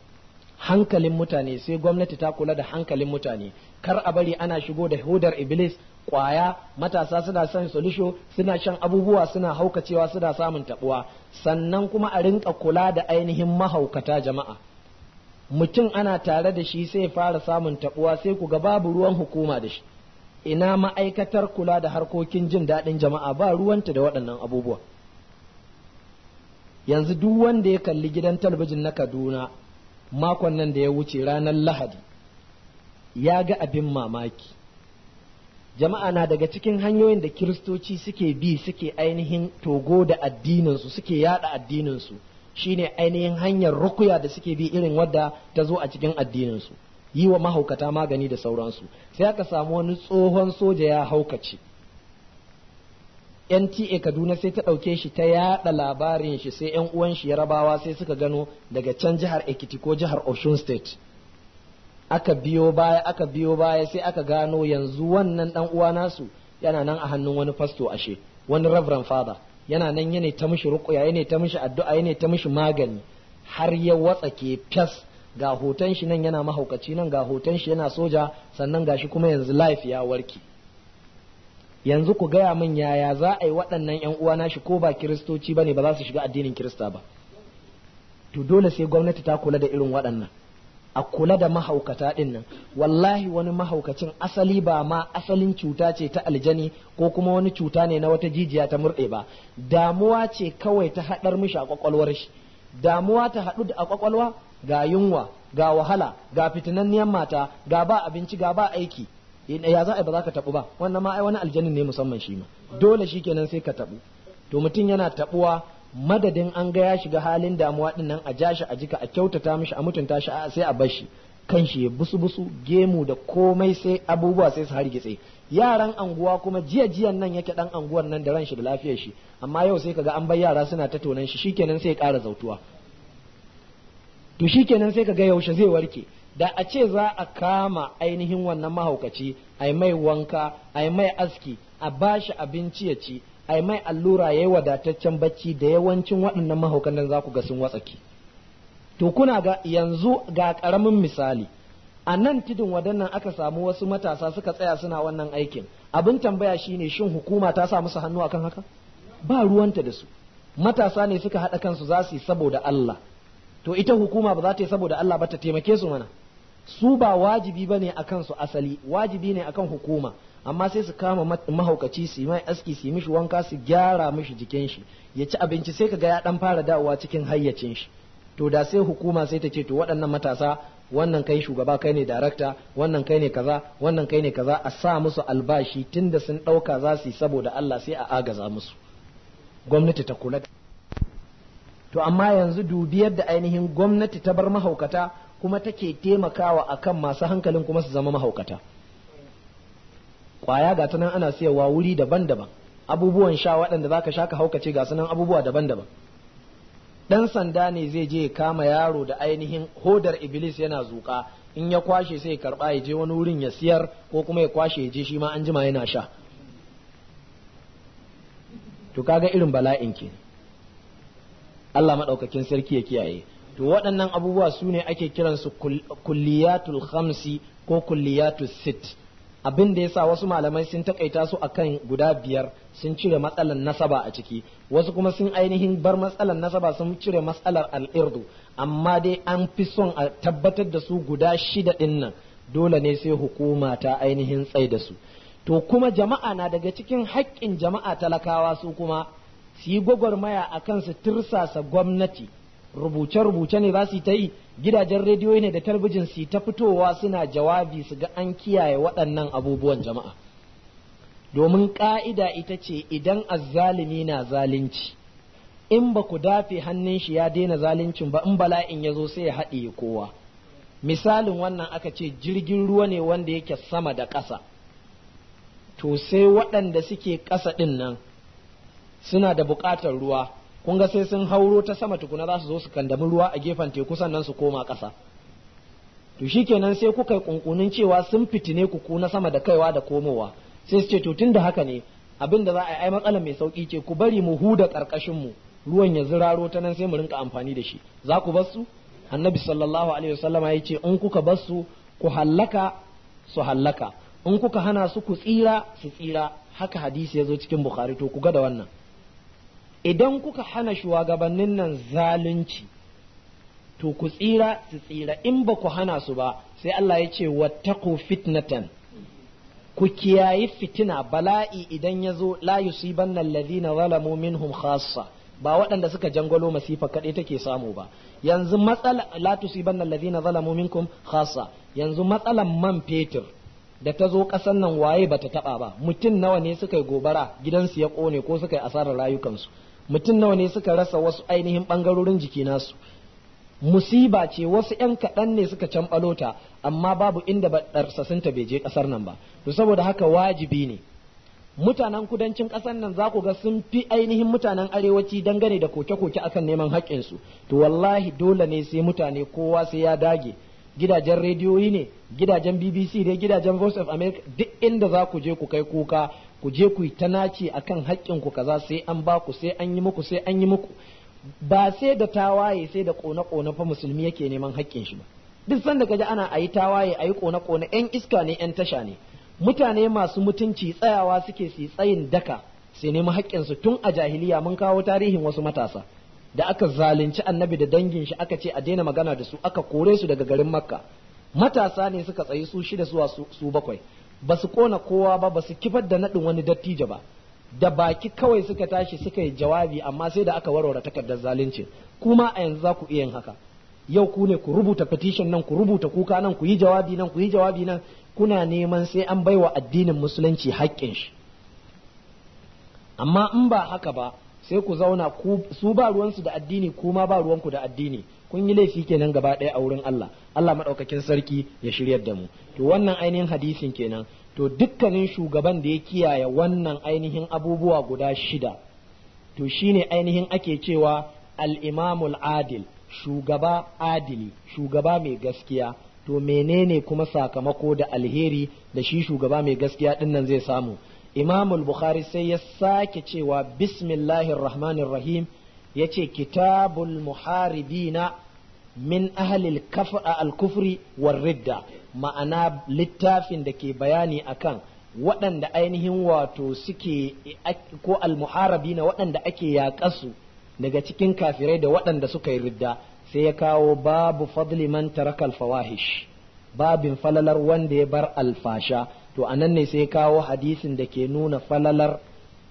S1: hankalin mutane sai gwamnati ta kula da hankalin mutane kar a bari ana shigo da hudar iblis kwaya matasa suna son solisho suna shan abubuwa suna haukacewa suna samun tabuwa sannan kuma a rinka kula da ainihin mahaukata jama'a mutum ana tare da shi sai fara samun tabuwa sai ku ga babu ruwan hukuma da shi ina ma'aikatar kula da harkokin jin daɗin jama'a ba ruwanta da waɗannan abubuwa yanzu duk wanda ya kalli gidan talabijin na kaduna makon nan da ya wuce ranar lahadi ya ga abin mamaki jama'a na daga cikin hanyoyin da kiristoci suke bi suke ainihin togo da addininsu suke yada addininsu shine ainihin hanyar rukuya da suke bi irin wadda ta zo a cikin addininsu yi wa mahaukata magani da sauransu sai aka samu wani tsohon soja ya haukace NTA Kaduna sai ta ɗauke shi ta yaɗa labarin shi sai ‘yan uwan shi yarabawa sai suka gano daga can jihar Ekiti ko jihar Osun State. Aka biyo baya aka biyo baya sai aka gano yanzu wannan ɗan uwa nasu yana nan a hannun wani fasto ashe wani Reverend Father yana nan yana ta mishi rukuya, yana ta mishi addu'a yana ta mishi magani har ya watsa ke fes ga hoton shi nan yana mahaukaci nan ga hoton shi yana soja sannan ga shi kuma yanzu life ya warke. yanzu ku gaya min yaya za a yi waɗannan ƴan uwa nashi ko ba kiristoci bane ba za su shiga addinin kirista ba to dole sai gwamnati ta kula da irin waɗannan a kula da mahaukata ɗin nan wallahi wani mahaukacin asali ba ma asalin cuta ce ta aljani ko kuma wani cuta ne na wata jijiya ta murɗe ba damuwa ce kawai ta haɗar mishi a kwakwalwar shi damuwa ta haɗu da a kwakwalwa ga yunwa ga wahala ga fitinanniyan mata ga ba abinci ga ba aiki ya za a ba za ka taɓu ba wannan ma ai wani aljanin ne musamman shi ma dole shikenan sai ka tabu to mutum yana taɓuwa madadin an ga ya shiga halin damuwa din nan a jashi a jika a kyautata mishi a mutunta shi sai a bashi kan shi busu busu gemu da komai sai abubuwa sai su hargitse yaran anguwa kuma jiya jiyan nan yake dan anguwar nan da ran shi da lafiyar shi amma yau sai kaga an bar yara suna ta tonan shi shikenan sai ya kara zautuwa to shikenan sai kaga yaushe zai warke da a ce za a kama ainihin wannan mahaukaci a mai wanka a mai aski a ba shi abinci ya ci a mai allura ya yi wadataccen bacci da yawancin waɗannan mahaukan nan za ku ga sun watsaki to kuna ga yanzu ga ƙaramin misali a nan tidin wadannan aka samu wasu matasa suka tsaya suna wannan aikin abin tambaya shine shin hukuma ta sa musu hannu akan haka ba ruwanta da su matasa ne suka haɗa kansu za su yi saboda Allah to ita hukuma ba za ta yi saboda Allah ba ta taimake su mana su ba wajibi ba ne akan su asali wajibi ne akan hukuma amma sai su kama mahaukaci su mai aski su mishi wanka su gyara mishi jikin shi ya ci abinci sai kaga ya dan fara dawowa cikin hayyacin shi to da sai hukuma sai ta ce to waɗannan matasa wannan kai shugaba kai ne darakta wannan kai ne kaza wannan kai ne kaza a sa musu albashi tunda sun ɗauka za su yi saboda Allah sai a agaza musu gwamnati ta kula to amma yanzu dubi yadda ainihin gwamnati ta bar mahaukata kuma take taimakawa akan masu hankalin kuma su zama mahaukata kwaya ga nan ana siyarwa wuri daban-daban abubuwan sha waɗanda za ka sha ka haukace ga nan abubuwa daban-daban ɗan sanda ne zai je kama yaro da ainihin hodar iblis yana zuƙa in ya kwashe sai karɓa ya je wani wurin ya siyar ko kuma ya kwashe ya je shi ma an jima yana sha to kaga irin bala'in ke Allah maɗaukakin sarki ya kiyaye to waɗannan abubuwa su ne ake kiransu kulliyatul khamsi ko kulliyatul sit abin da yasa wasu malamai sun takaita su akan guda biyar sun cire matsalar nasaba a ciki wasu kuma sun ainihin bar matsalar nasaba sun cire matsalar al'irdu amma dai an fi son a tabbatar da su guda shida dinnan dole ne sai hukuma ta ainihin tsai da su to kuma jama'a na daga cikin haƙƙin jama'a talakawa su kuma su yi gwagwarmaya akan su tirsasa gwamnati rubuce-rubuce ne za su ta yi gidajen rediyo ne da talbijin su ta fitowa suna jawabi su ga an kiyaye waɗannan abubuwan jama'a domin ƙa'ida ita ce idan azzalimi na zalunci in ba ku dafe hannun shi ya daina zaluncin ba in bala'in ya zo sai ya haɗe kowa misalin wannan aka ce jirgin ruwa ne wanda yake sama da ƙasa to sai waɗanda suke ƙasa ɗin nan suna da buƙatar ruwa kun ga sai sun hauro ta sama tukuna za su zo su kandami ruwa a gefen teku sannan su koma ƙasa to shi shikenan sai kuka yi kunkunin cewa sun fitine ku ku na sama da kaiwa da komowa sai su ce to tun da haka ne abin da za a yi ai matsalar mai sauki ce ku bari mu huda karkashin mu ruwan ya ziraro ta nan sai mu rinka amfani da shi za ku bar su annabi sallallahu alaihi wasallama ya ce in kuka bar su ku hallaka su hallaka in kuka hana su ku tsira su tsira haka hadisi ya zo cikin bukhari to ku ga da wannan idan kuka hana shugabannin nan zalunci to ku tsira su tsira in ba ku hana su ba sai Allah ya ce wattaqu fitnatan ku kiyayi fitina bala'i idan ya zo la yusibanna alladhina zalamu minhum khassa ba waɗanda suka jangalo masifa kaɗai take samu ba yanzu matsala la tusibanna alladhina zalamu minkum khassa yanzu matsalan man fetur da ta zo ƙasar nan waye bata taɓa ba mutum nawa ne suka yi gobara gidansu ya ƙone ko suka yi asarar rayukansu mutum nawa ne suka rasa wasu ainihin bangarorin jiki nasu musiba ce wasu 'yan kaɗan ne suka can ta amma babu inda ba ɗarsasinta bai je ƙasar nan ba to saboda haka wajibi ne mutanen kudancin ƙasar nan za ku ga sun fi ainihin mutanen arewaci dangane da koke-koke akan neman haƙƙinsu to wallahi dole ne sai mutane kowa sai ya dage gidajen rediyoyi ne gidajen bbc ne gidajen voice of america duk inda za ku je ku kai kuka ku je ku yi ta naci akan haƙƙin ku kaza sai an ba ku sai an yi muku sai an yi muku ba sai da tawaye sai da kone kone fa musulmi yake neman haƙƙin shi ba duk sanda ka kaji ana a yi tawaye ayi kone kone yan iska ne yan tasha ne mutane masu mutunci tsayawa suke su tsayin daka sai neman haƙƙin su tun a jahiliya mun kawo tarihin wasu matasa da aka zalunci annabi da dangin shi aka ce a daina magana da su aka kore su daga garin makka matasa ne suka tsayi su shida zuwa su bakwai ba su kona kowa ba ba su kifar da naɗin wani dattijo ba da baki kawai suka tashi suka yi jawabi amma sai da aka warware takardar zalunci kuma a yanzu za ku iya yin haka yau ku ne ku rubuta petition nan ku rubuta kuka nan ku yi jawabi nan ku yi jawabi nan kuna neman sai an baiwa addinin musulunci haƙƙin shi amma in ba haka ba sai ku zauna su ba ruwansu da addini kuma ba ruwanku da addini kun yi laifi kenan gaba ɗaya a wurin Allah Allah maɗaukakin sarki ya shiryar da mu to wannan ainihin hadisin kenan to dukkanin shugaban da ya kiyaye wannan ainihin abubuwa guda shida to shine ainihin ake cewa al-imamul adil shugaba adili shugaba mai gaskiya to menene kuma sakamako da alheri da shi shugaba mai gaskiya dinnan zai samu imamul bukhari sai ya sake cewa bismillahir rahmanir rahim yace kitabul muharibina min ahlil al-kufri war ridda ma'ana littafin da ke bayani akan waɗanda ainihin wato suke ko al waɗanda ake yaƙasu daga cikin kafirai da waɗanda suka yi ridda sai ya kawo babu fadli man taraka al babin falalar wanda ya bar alfasha to anan ne sai ya kawo hadisin da ke nuna falalar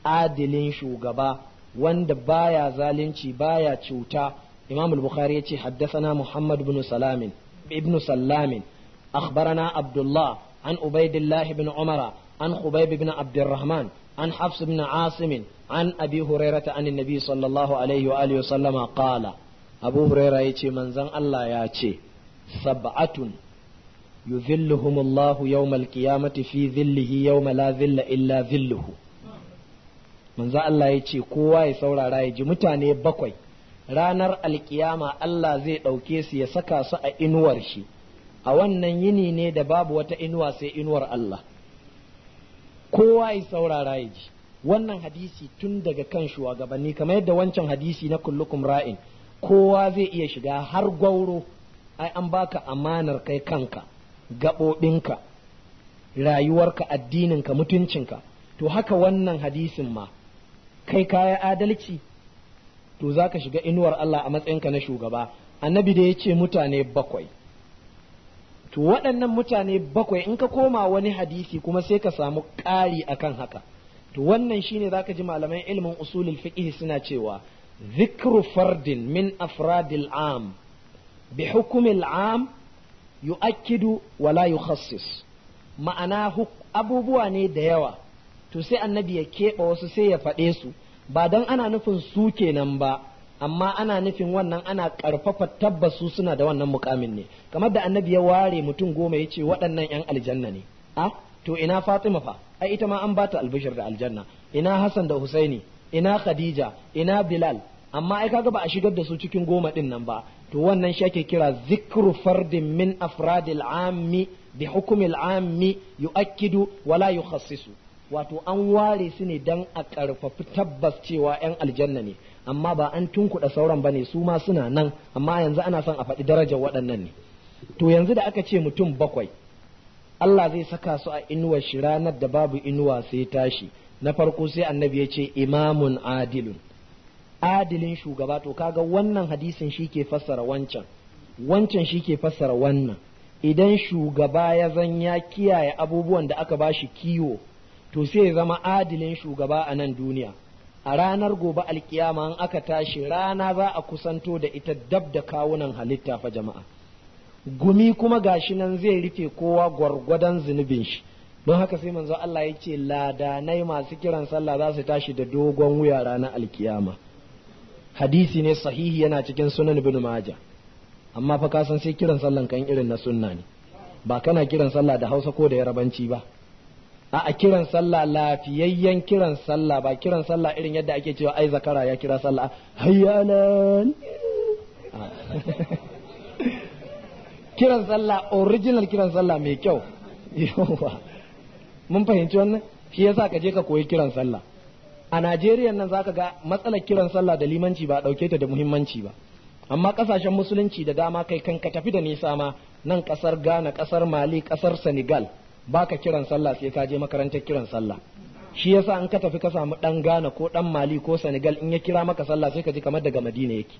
S1: adilin shugaba wanda baya zalunci baya cuta imam al-bukhari yace haddathana muhammad ibn salamin ibn salamin akhbarana abdullah an ubaidillah ibn umara an khubayb ibn abdurrahman an hafs ibn asim an abi hurairah an annabi sallallahu alaihi wa alihi sallama qala abu hurairah yace manzon allah ya ce sab'atun yuzilluhumullahu yawmal qiyamati fi dhillihi yawma la dhilla illa dhilluhu manzo Allah ya ce kowa ya saurara ya ji mutane bakwai ranar alkiyama Allah zai ɗauke su ya saka su a inuwar shi a wannan yini ne da babu wata inuwa sai inuwar Allah kowa ya saurara ya ji wannan hadisi tun daga kan shugabanni kamar yadda wancan hadisi na kullukum ra'in kowa zai iya shiga har gwauro ai an baka amanar kai kanka gaɓoɓinka rayuwarka addininka mutuncinka to haka wannan hadisin ma kai kaya adalci to za ka shiga inuwar Allah a matsayinka na shugaba annabi da ya ce mutane bakwai to waɗannan mutane bakwai in ka koma wani hadisi kuma sai ka samu ƙari akan haka to wannan shine za ka ji malaman ilimin usulul fiqh suna cewa zikru fardin min afradil am bi hukumil am yu'akkidu wala yukhassis ma'ana abubuwa ne da yawa to sai annabi ya keɓe wasu sai ya faɗe su ba don ana nufin su kenan ba amma ana nufin wannan ana ƙarfafa tabbas su suna da wannan mukamin ne kamar da annabi ya ware mutum goma ya ce waɗannan 'yan aljanna ne a to ina fatima fa ita ma an bata albishir da aljanna ina hassan da husaini ina khadija ina bilal amma ai kaga ba a shigar da su cikin goma din nan ba to wannan shake kira zikru fardin min afradil ammi bi hukumil ammi yu'akkidu wala yukhassisu wato an ware su ne don a ƙarfafi tabbas cewa 'yan aljanna ne amma ba an tunkuɗa sauran ba ne su ma suna nan amma yanzu ana son a faɗi darajar waɗannan ne to yanzu da aka ce mutum bakwai Allah zai saka su a inuwa shi ranar da babu inuwa sai tashi na farko sai annabi ya ce imamun adilun adilin shugaba to kaga wannan hadisin shi ke fassara wancan wancan shi ke fassara wannan idan shugaba ya zan ya kiyaye abubuwan da aka bashi kiwo to sai ya zama adilin shugaba a nan duniya a ranar gobe alkiyama an aka tashi rana za a kusanto da ita dab da kawunan halitta fa jama'a gumi kuma gashi nan zai rufe kowa gwargwadon zunubin shi don haka sai manzo Allah ya ce ladanai masu kiran sallah za su tashi da dogon wuya ranar alkiyama hadisi ne sahihi yana cikin sunan ibn majah amma fa ka san sai kiran sallan kan irin na sunna ne ba kana kiran sallah da Hausa ko da Yarabanci ba a kiran sallah lafiyayyen kiran sallah ba kiran sallah irin yadda ake cewa ai zakara ya kira sallah hayyanan kiran sallah original kiran sallah mai kyau mun fahimci wannan shi yasa ka je ka koyi kiran sallah a Najeriya nan zaka ga matsalar kiran sallah da limanci ba dauke ta da muhimmanci ba amma kasashen musulunci da dama kai kan tafi da nisa ma nan kasar Ghana kasar Mali kasar Senegal baka kiran sallah sai ka je makarantar kiran sallah shi yasa an ka tafi ka samu dan Ghana ko dan Mali ko Senegal in ya kira maka sallah sai ka ji kamar daga Madina yake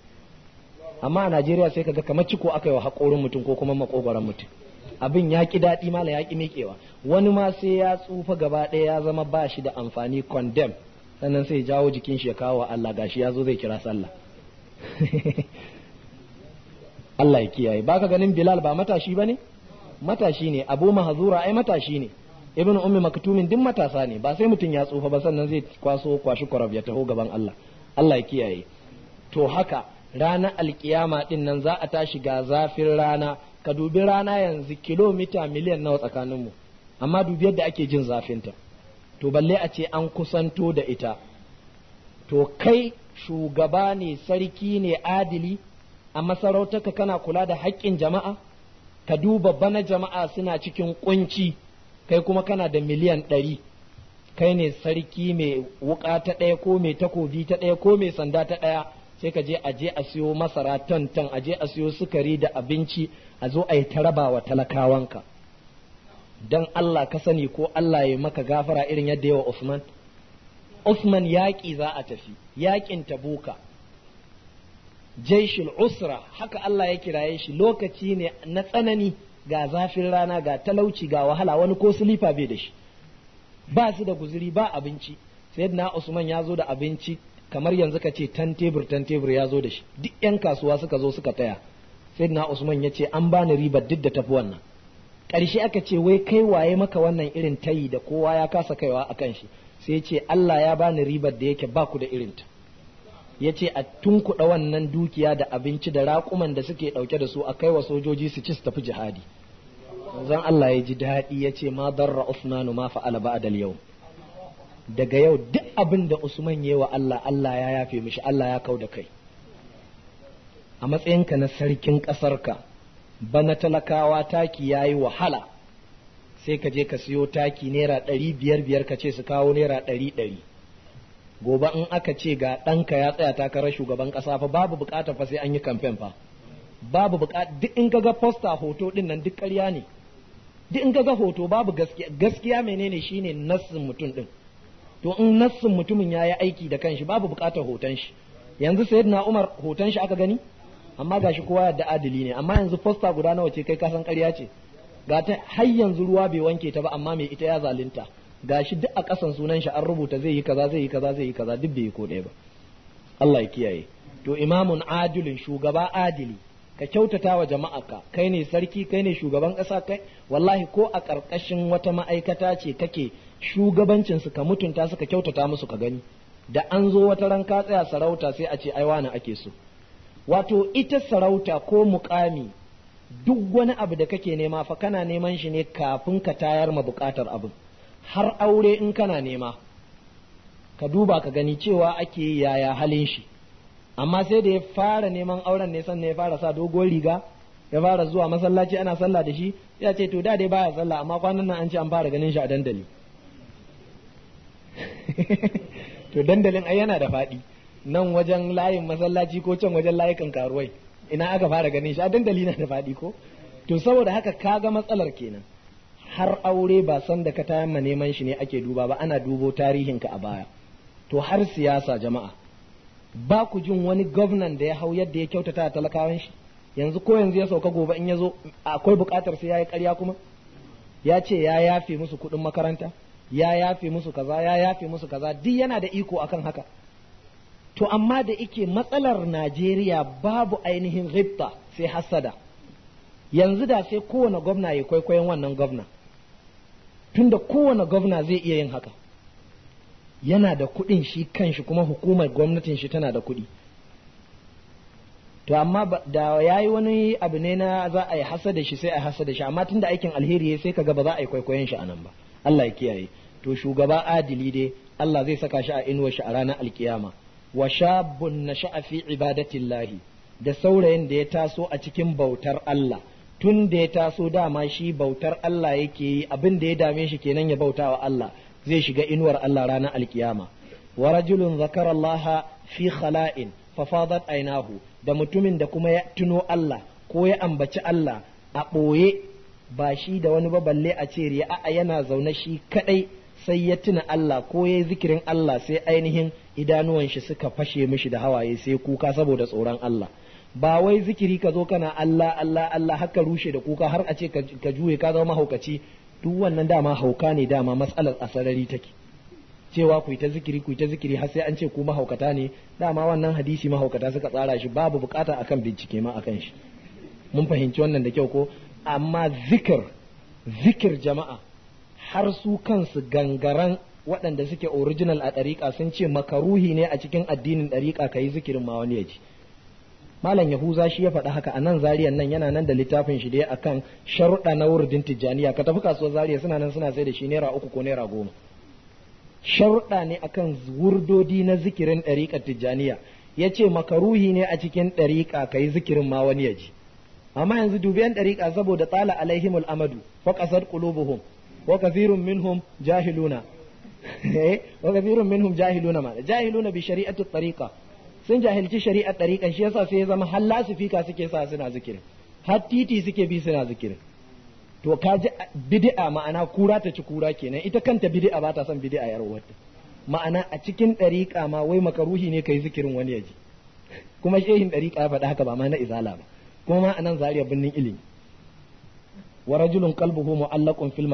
S1: amma a Najeriya sai ka ga kamar ciko aka yi wa haƙorin mutum ko kuma makogoron mutum abin ya ki daɗi mala ya ki miƙewa wani ma sai ya tsufa gaba ɗaya ya zama ba shi da amfani condemn sannan sai jawo jikin shi ya kawo Allah gashi ya zo zai kira sallah Allah ya kiyaye baka ganin Bilal ba matashi bane ne matashi ne abu mahazura ai matashi ne ibn ummi maktumin duk matasa ne ba sai mutum ya tsufa ba sannan zai kwaso kwashi kwarab ya taho gaban Allah Allah ya kiyaye to haka ranar alkiyama din nan za a tashi ga zafin rana ka dubi rana yanzu kilomita miliyan nawa mu amma dubi yadda ake jin zafin ta to balle a ce an kusanto da ita to kai shugaba ne sarki ne adili a masarautarka kana kula da haƙƙin jama'a ka duba bana jama'a suna cikin kunci kai kuma kana da miliyan ɗari kai ne sarki mai wuƙa ta ɗaya ko mai takobi ta ɗaya ko mai sanda ta ɗaya sai ka je a je a siyo masara ton ton a je a siyo sukari da abinci a zo a yi ta rabawa talakawanka don Allah ka sani ko Allah ya maka gafara irin yadda yawa Usman Usman yaƙi za a tafi yaƙin ta tabuka jaishin usra haka Allah ya kiraye shi lokaci ne na tsanani ga zafin rana ga talauci ga wahala wani ko silifa bai da shi ba su da guzuri ba abinci na usman ya zo da abinci kamar yanzu ka ce tan tebur tan tebur ya zo da shi duk yan kasuwa suka zo suka taya na usman ya ce an bani ribar duk da tafi wannan ƙarshe aka ce wai kai waye maka wannan irin tayi da kowa ya kasa kaiwa akan shi sai ce Allah ya bani ribar da yake ba ku da irinta ya ce a tunkuɗa wannan dukiya da abinci da raƙuman da suke ɗauke da su a kai wa sojoji su ci su tafi jihadi zan Allah ya ji daɗi ya ce ma darra Usmanu ma fa'ala ba'dal yau daga yau duk abin da Usman ya wa Allah Allah ya yafe mishi Allah ya kau da kai a matsayinka na sarkin ƙasarka bana talakawa taki ya yi wahala sai ka je ka siyo taki naira ɗari biyar biyar ka ce su kawo naira ɗari ɗari gobe in aka ce ga ɗanka ya tsaya takarar shugaban ƙasa fa babu buƙatar fa sai an yi kamfen fa babu buƙatar duk in ga posta hoto ɗin nan duk ƙarya ne duk in ga hoto babu gaskiya gaskiya menene shine nassin mutum ɗin to in nassin mutumin ya yi aiki da kanshi babu buƙatar hoton shi yanzu sayyidina Umar hoton shi aka gani amma gashi kowa yadda adali ne amma yanzu posta guda nawa ce kai kasan ƙarya ce ga ta har yanzu ruwa bai wanke ta ba amma mai ita ya zalunta gashi duk a kasan sunan shi an rubuta zai yi kaza zai yi kaza zai yi kaza duk bai yi ko ɗaya ba Allah ya kiyaye to imamun adilin shugaba adili ka kyautata wa ka? kai ne sarki kai ne shugaban ƙasa kai wallahi ko a ƙarƙashin wata ma'aikata ce kake shugabancin su ka mutunta su ka kyautata musu ka gani da an zo wata ran ka tsaya sarauta sai a ce ai wani ake so wato ita sarauta ko muƙami duk wani abu da kake nema fa kana neman shi ne kafin ka tayar ma buƙatar abin har aure in kana nema ka duba ka gani cewa ake yaya halin shi amma sai da ya fara neman auren ne sannan ya fara sa dogon riga ya fara zuwa masallaci ana sallah da shi ya ce to da dai baya sallah amma kwanan nan an ce an fara ganin shi a dandali to dandalin ai yana da faɗi nan wajen layin masallaci ko can wajen layukan karuwai ina aka fara ganin shi a dandali na da faɗi ko to saboda haka ka ga matsalar kenan har aure ba san da ka tayamma neman shi ne ake duba ba ana dubo tarihinka a baya to har siyasa jama'a ba ku jin wani gwamnan da ya hau yadda ya kyautata talakawan shi yanzu ko yanzu ya sauka gobe in ya zo akwai bukatar sai ya yi karya kuma ya ce ya yafe musu kuɗin makaranta ya yafe musu kaza ya yafe musu kaza duk yana da iko akan haka to amma da ike matsalar Najeriya babu ainihin ghibta sai hassada yanzu da sai kowane gwamna ya kwaikwayon wannan gwamna tunda kowane gwamna zai iya yin haka yana da kuɗin shi kanshi kuma hukumar gwamnatin shi tana da kuɗi to amma da ya yi wani abu ne na za a yi hasa da shi sai a yi hasa da shi amma tunda aikin alheri ya sai ka ba za a yi kwaikwayon shi a nan ba Allah ya kiyaye to shugaba adili dai Allah zai saka shi a inuwar shi a ranar alkiyama wa shabun sha'afi fi ibadatillahi da saurayin da ya taso a cikin bautar Allah tun da ya taso dama shi bautar Allah yake yi abin da ya dame shi kenan ya bauta wa Allah zai shiga inuwar Allah ranar alkiyama wa rajulun zakara Allah fi khala'in fa fadat ainahu da mutumin da kuma ya tuno Allah ko ya ambaci Allah a ɓoye ba shi da wani ba balle a ce ri'a yana zaune shi kadai sai ya tuna Allah ko ya yi zikirin Allah sai ainihin idanuwan shi suka fashe mishi da hawaye sai kuka saboda tsoron Allah ba wai zikiri ka zo kana Allah Allah Allah haka rushe da kuka har a ce ka juye ka zama mahaukaci duk wannan dama hauka ne dama matsalar asarari take cewa ku ta zikiri ku ta zikiri har sai an ce ku mahaukata ne dama wannan hadisi mahaukata suka tsara shi babu bukata akan bincike ma akan shi mun fahimci wannan da kyau ko amma zikir zikir jama'a har su kansu gangaran waɗanda suke original a ɗariƙa sun ce makaruhi ne a cikin addinin ɗariƙa ka yi zikirin ma wani ya ji malam yahuza shi ya faɗi haka a nan zariyan nan yana nan da littafin shi dai akan sharuɗa na wurdin tijjaniya ka tafi kasuwar zariya suna nan suna sai da shi naira uku ko naira goma sharuɗa ne akan wurdodi na zikirin ɗariƙar tijjaniya ya ce makaruhi ne a cikin ɗariƙa ka yi zikirin ma wani ya ji amma yanzu dubiyan ɗariƙa saboda tsala alaihim amadu fa ƙasar qulubuhum wa kathirun minhum jahiluna eh, wa kathirun minhum jahiluna ma jahiluna bi shari'atu ɗariƙa. sun jahilci shari'a ɗariƙan shi yasa sai ya zama har lasifika suke sa suna zikirin har titi suke bi suna zikirin to ka ji bidi'a ma'ana kura ta ci kura kenan ita kanta bidi'a ba ta son bid'a yar wata ma'ana a cikin ɗariƙa ma wai makaruhi ne kai zikirin wani ya ji kuma shehin ɗariƙa ya faɗa haka ba ma na izala ba kuma ma anan zariya birnin ilimi wa rajulun qalbuhu mu'allaqun fil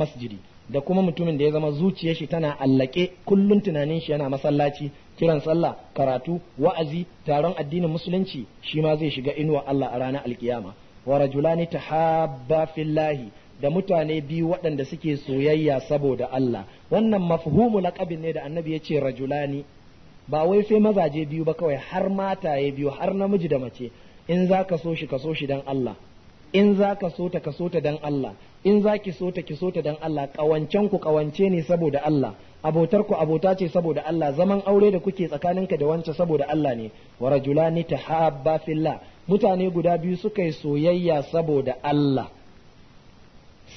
S1: masjidi da kuma mutumin da ya zama zuciyar shi tana allake kullum tunanin shi yana masallaci kiran sallah karatu wa'azi taron addinin musulunci shi ma zai shiga inuwa Allah a ranar alkiyama wa rajulani tahabba fillahi da mutane biyu waɗanda suke soyayya saboda Allah wannan mafhumu laqabin ne da annabi ya ce rajulani ba wai sai mazaje biyu ba kawai har mataye biyu har namiji da mace in zaka ka so shi ka so shi dan Allah in za ka so ta ka so ta dan Allah in za ki so ta ki so ta dan Allah kawancen ku kawance ne saboda Allah abotar ku abota ce saboda Allah zaman aure da kuke tsakaninka da wancan saboda Allah ne wa rajulani tahabba fillah mutane guda biyu suka yi soyayya saboda Allah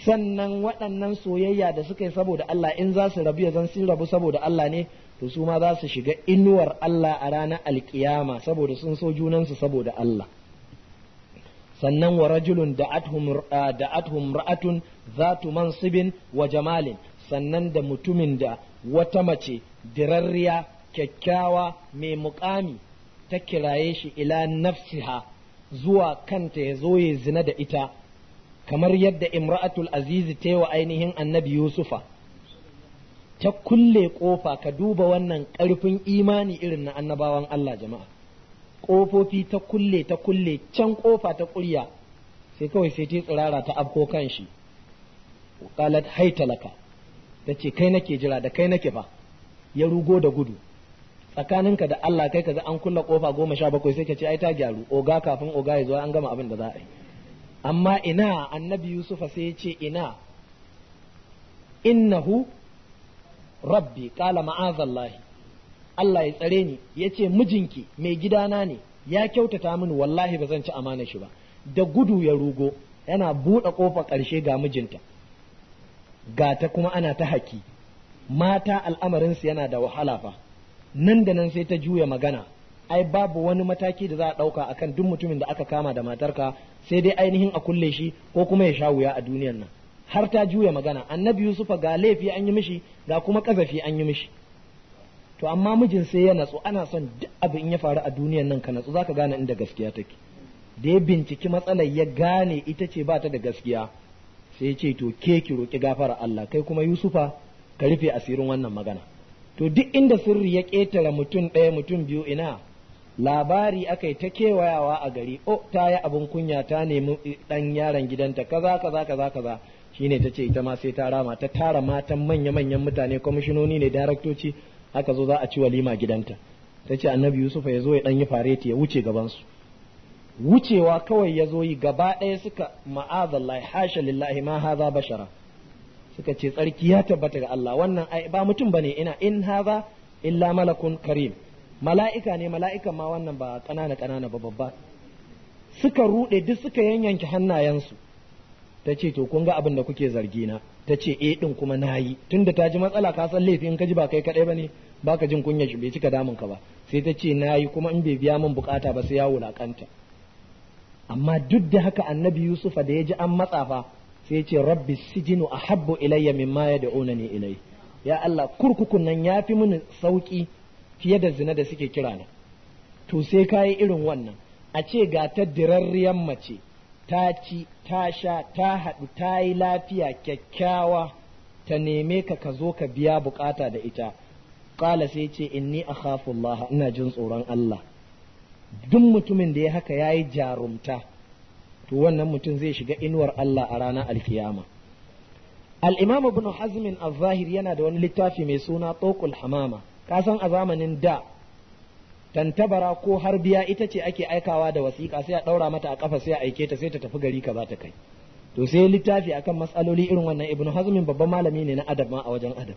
S1: sannan waɗannan soyayya da suka yi saboda Allah in za su rabu ya zan sun rabu saboda Allah ne to su ma za su shiga inuwar Allah a ranar alkiyama saboda sun so junansu saboda Allah sannan wa rajulun da'athum ra'atun zatu mansibin wa jamalin sannan da mutumin da wata mace dirarriya kyakkyawa mai mukami ta kiraye shi ila nafsiha zuwa kanta ya zo ya zina da ita kamar yadda imra'atul azizi ta yi wa ainihin annabi yusufa ta kulle ƙofa ka duba wannan ƙarfin imani irin na annabawan Allah jama'a kofofi ta kulle ta kulle can ƙofa ta ƙurya sai kawai sai ta tsirara ta afko kan shi ƙalat haitalaka ta ce kai nake jira da kai nake fa ya rugo da gudu tsakaninka da Allah kai ka kaga an kulle kofa goma sha bakwai sai ka ce ai ta gyaru oga kafin oga ya zo an gama abin da za a yi amma ina annabi Yusufa sai ya ce ina innahu rabbi qala ma'azallahi Allah ya tsare ni ya ce mijinki mai gidana ne ya kyautata mini wallahi ba zan ci amana shi ba da gudu ya rugo yana buɗe ƙofa ƙarshe ga mijinta ga ta kuma ana ta haki mata al'amarinsu yana da wahala fa nan da nan sai ta juya magana ai babu wani mataki da za a ɗauka akan duk mutumin da aka kama da matarka sai dai ainihin a kulle shi ko kuma ya sha wuya a duniyar nan har ta juya magana annabi yusufa ga laifi an yi mishi ga kuma ƙazafi an yi mishi to amma mijin sai ya natsu ana son duk abu in ya faru a duniyan nan ka natsu zaka gane inda gaskiya take da ya binciki matsalar ya gane ita ce bata da gaskiya sai ya ce to ke ki roki gafara Allah kai kuma Yusufa ka rufe asirin wannan magana to duk inda sirri ya ƙetare mutum ɗaya mutum biyu ina labari aka yi ta kewayawa a gari o ta yi abin kunya ta nemi ɗan yaron gidanta kaza kaza kaza kaza shine ta ce ita ma sai ta rama ta tara matan manya manyan mutane kwamishinoni ne daraktoci aka zo za a ci walima gidanta ta ce annabi yusufa ya zo ya ɗan yi fareti ya wuce gabansu wucewa kawai ya zo yi gaba ɗaya suka ma'azallahi hasha lillahi ma haza bashara suka ce tsarki ya tabbata ga Allah wannan ba mutum bane ina in haza illa malakun karim mala'ika ne mala'ikan ma wannan ba ƙanana ƙanana ba babba suka ruɗe duk suka yanyanke hannayensu ta ce to kun ga abin da kuke zargina. na ta ce eh din kuma na yi tunda ta ji matsala ka san laifi in ka ji ba kai kadai bane baka jin kunya shi bai cika damun ka ba sai ta ce na yi kuma in bai biya min bukata ba sai ya wulakanta amma duk da haka annabi yusufa da ya ji an matsa fa sai ce rabbi sijinu ahabbu ilayya mimma onani ilai ya Allah kurkukun nan ya fi mini sauki fiye da zina da suke kira na to sai kayi irin wannan a ce ga ta dirarriyar mace ta ci ta sha ta haɗu ta yi lafiya kyakkyawa ta neme ka ka zo ka biya bukata da ita ƙala sai ce inni a Allah ina jin tsoron Allah duk mutumin da ya haka ya yi jarumta to wannan mutum zai shiga inuwar Allah a ranar alkiyama alimamu bin hazmin a yana da wani littafi mai suna tokul hamama kasan a zamanin da tantabara ko harbiya ita ce ake aikawa da wasiƙa sai a ɗaura mata a ƙafa sai a aike ta sai ta tafi gari ba ta kai to sai littafi akan matsaloli irin wannan ibnu hazmin babban malami ne na adab ma a wajen adab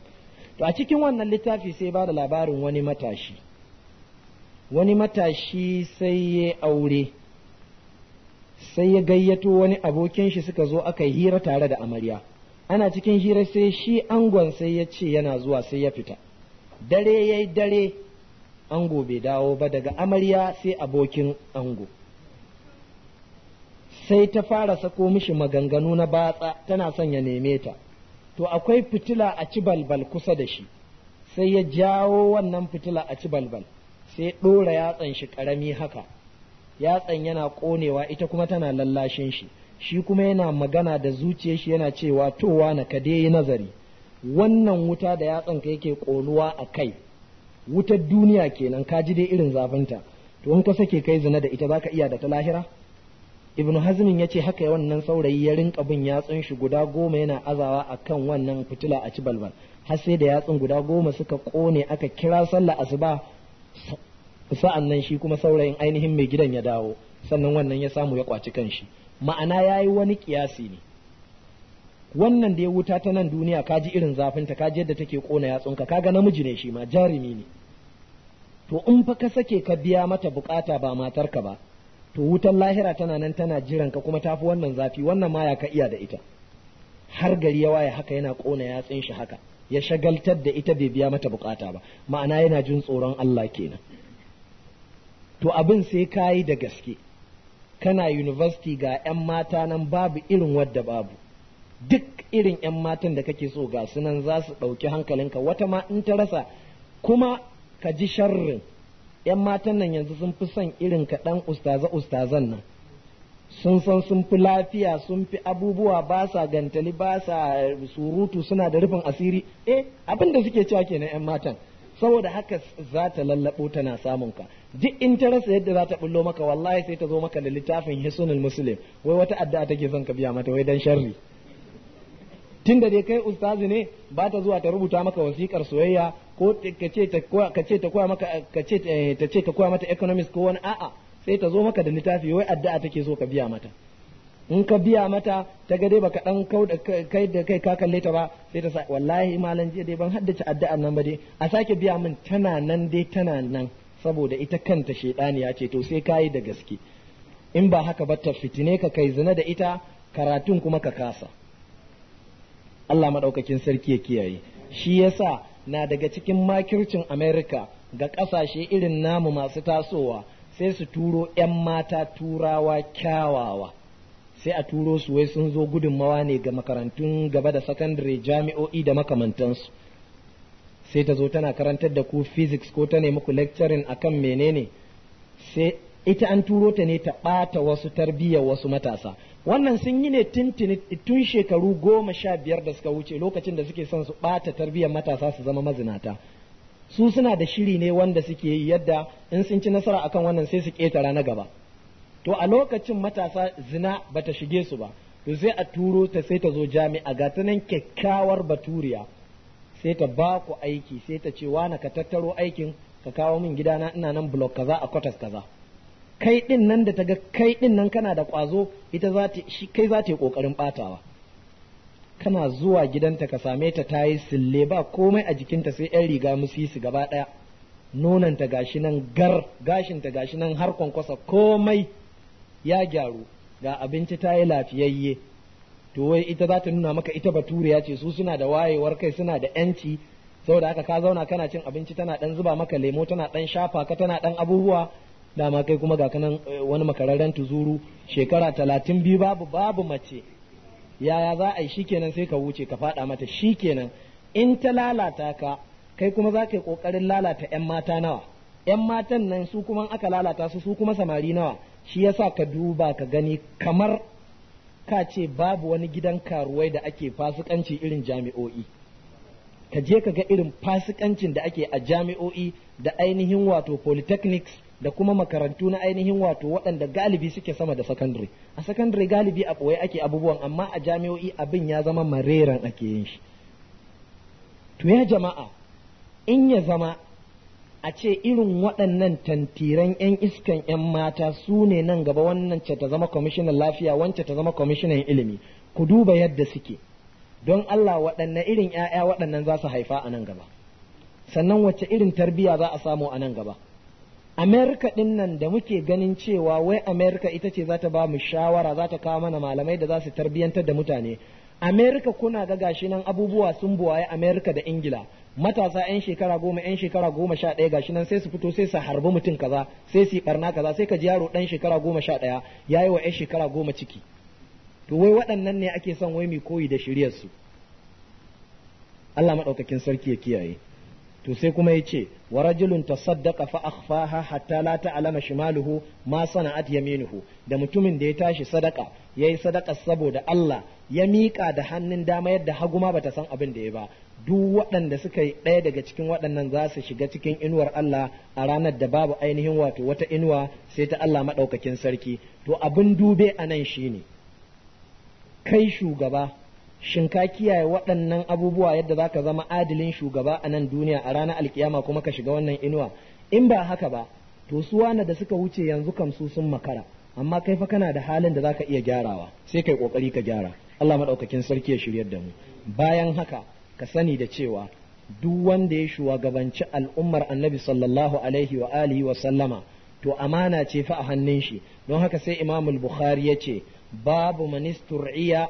S1: to a cikin wannan littafi sai ba da labarin wani matashi wani matashi sai ya aure sai ya gayyato wani abokin shi suka zo aka yi hira tare da amarya ana cikin hira sai shi angon sai ya ce yana zuwa sai ya fita dare yayi dare ango bai dawo ba daga amarya sai abokin ango sai ta fara sako mishi maganganu na batsa tana son ya neme ta to akwai fitila a ci balbal kusa da shi sai ya jawo wannan fitila a ci balbal sai ɗora yatsan shi ƙarami haka yatsan yana ƙonewa ita kuma tana lallashin shi shi kuma yana magana da zuciyar shi yana cewa towa na ka yi nazari wannan wuta da yatsan ka yake ƙonuwa a kai wutar duniya kenan ka ji dai irin zafinta to in ka sake kai zina da ita zaka iya da ta lahira ibn hazmin ya ce haka wannan saurayi ya rinka bin yatsun shi guda goma yana azawa akan wannan fitila a ci balbal har sai da yatsun guda goma suka kone aka kira sallah asuba sa'an nan shi kuma saurayin ainihin mai gidan ya dawo sannan wannan ya samu ya kwaci kanshi ma'ana yayi wani kiyasi ne wannan da ya wuta ta nan duniya kaji irin zafinta kaji yadda take kona yatsunka kaga namiji ne shi ma jarumi ne to in fa ka sake ka biya mata bukata ba matarka ba to wutan lahira tana nan tana jiran ka kuma tafi wannan zafi wannan ma ya ka iya da ita har gari ya waye haka yana kona yatsin shi haka ya shagaltar da ita bai biya mata bukata ba ma'ana yana jin tsoron Allah kenan to abin sai kayi da gaske kana university ga 'yan mata nan babu irin wadda babu duk irin 'yan matan da kake so ga sunan za su ɗauki hankalinka wata ma in ta rasa kuma ka ji sharrin yan matan nan yanzu sun fi son irin kaɗan ustaza ustazan nan sun san sun fi lafiya sun fi abubuwa ba sa gantali ba sa surutu suna da rufin asiri eh abin da suke cewa kenan yan matan saboda haka za ta lallabo tana samun ka duk in ta rasa yadda za ta bullo maka wallahi sai ta zo maka da littafin hisunul muslim wai wata addu'a take son ka biya mata wai dan sharri tun da dai kai ustazi ne ba ta zuwa ta rubuta maka wasikar soyayya ko ka ce ta koya ce ta ce eh, mata economics ko wani a'a sai ta zo maka da littafi wai addu'a take so ka biya mata in ka biya mata ta ga dai baka dan kai da kai ka kalle ta ba sai ta sa wallahi malam jiya dai ban haddace addu'an nan ba dai a sake biya min tana nan dai tana nan saboda ita kanta ya ce to sai kayi da gaske in ba haka ba ta fitine ka kai zina da ita karatun kuma ka kasa Allah madaukakin sarki ya kiyaye shi yasa na daga cikin makircin America ga ƙasashe irin namu masu tasowa sai su turo 'yan mata turawa kyawawa sai a turo su wai sun zo gudunmawa ne ga makarantun gaba da sakandare jami'o'i da makamantansu sai ta zo tana karantar da ku physics ko ta nemi ku lecturing akan menene sai ita an turo ta ne ta ɓata wasu tarbiyyar wasu matasa wannan sun yi ne tun shekaru goma sha biyar da suka wuce lokacin da suke son su ɓata tarbiyyar matasa su zama mazinata su suna da shiri ne wanda suke yi yadda in sun ci nasara akan wannan sai su ƙetara na gaba to a lokacin matasa zina bata shige su ba to sai a turo ta sai ta zo jami'a ga ta nan kyakkyawar baturiya sai ta ba ku aiki sai ta ce wani ka tattaro aikin ka kawo min gidana ina nan blok kaza a kwatas kaza kai din nan da ta kai din nan kana da ƙwazo ita shi kai za ta yi ƙoƙarin ɓatawa kana zuwa gidanta ka same ta ta yi sille ba komai a jikinta sai yan riga musisi gaba ɗaya ta gashi nan gar ta gashi nan har kwankwasa komai ya gyaru ga abinci ta yi lafiyayye to wai ita za ta nuna maka ita baturiya ce su suna da wayewar kai suna da yanci saboda haka ka zauna kana cin abinci tana dan zuba maka lemo tana dan shafa ka tana dan abubuwa dama kai kuma ga kanan eh, wani makararren tuzuru shekara talatin biyu babu babu mace yaya za a yi shikenan sai ka wuce ka faɗa mata shikenan in ta lalata ka kai kuma za ka yi ƙoƙarin lalata 'yan mata nawa 'yan matan nan su kuma aka lalata su su kuma samari nawa shi yasa ka duba ka gani kamar ka ce babu wani gidan karuwai da ake fasikanci irin jami'o'i ka je ka ga irin fasikancin da ake a jami'o'i da ainihin wato polytechnics da kuma makarantu na ainihin wato waɗanda galibi suke sama da secondary a secondary galibi a ɓoye ake abubuwan amma a jami'o'i abin ya zama mareran ake yin shi to ya jama'a in ya zama a ce irin waɗannan tantiran 'yan iskan 'yan mata su ne nan gaba wannan ce ta zama kwamishinan lafiya wancan ta zama kwamishinan ilimi ku duba yadda suke don Allah waɗanne irin 'ya'ya waɗannan za su haifa a nan gaba sannan wacce irin tarbiyya za a samu a nan gaba Amerika ɗin nan da muke ganin cewa wai Amerika ita ce za ta ba mu shawara za ta kawo mana malamai da za su tarbiyantar da mutane. Amerika kuna ga gashi nan abubuwa sun buwaye Amerika da Ingila. Matasa 'yan shekara goma 'yan shekara goma sha ɗaya gashi nan sai su fito sai su harbi mutum kaza sai su yi ɓarna kaza sai ka ji yaro ɗan shekara goma sha ɗaya ya yi wa 'yan shekara goma ciki. To wai waɗannan ne ake son wai mai koyi da shiryarsu. Allah maɗaukakin sarki ya kiyaye. to sai kuma ya ce wa rajulun tasaddaqa fa akhfaha hatta la ta'lama shimaluhu ma sana'at yaminuhu da mutumin da ya tashi sadaka yayi sadaka saboda Allah ya miƙa da hannun dama yadda haguma bata san abin da ya ba duk waɗanda suka yi ɗaya daga cikin waɗannan za su shiga cikin inuwar Allah a ranar da babu ainihin wato wata inuwa sai ta Allah maɗaukakin sarki to abin dube a nan shine kai shugaba shin ka kiyaye waɗannan abubuwa yadda za ka zama adilin shugaba a nan duniya a ranar alkiyama kuma ka shiga wannan inuwa in ba haka ba to su wane da suka wuce yanzu kam su sun makara amma kai fa kana da halin da za ka iya gyarawa sai kai kokari ka gyara Allah madaukakin sarki ya shiryar da mu bayan haka ka sani da cewa duk wanda ya shugabanci al'ummar annabi sallallahu alaihi wa alihi wa sallama to amana ce fa a hannun shi don haka sai imamul bukhari ya ce babu manistur'iya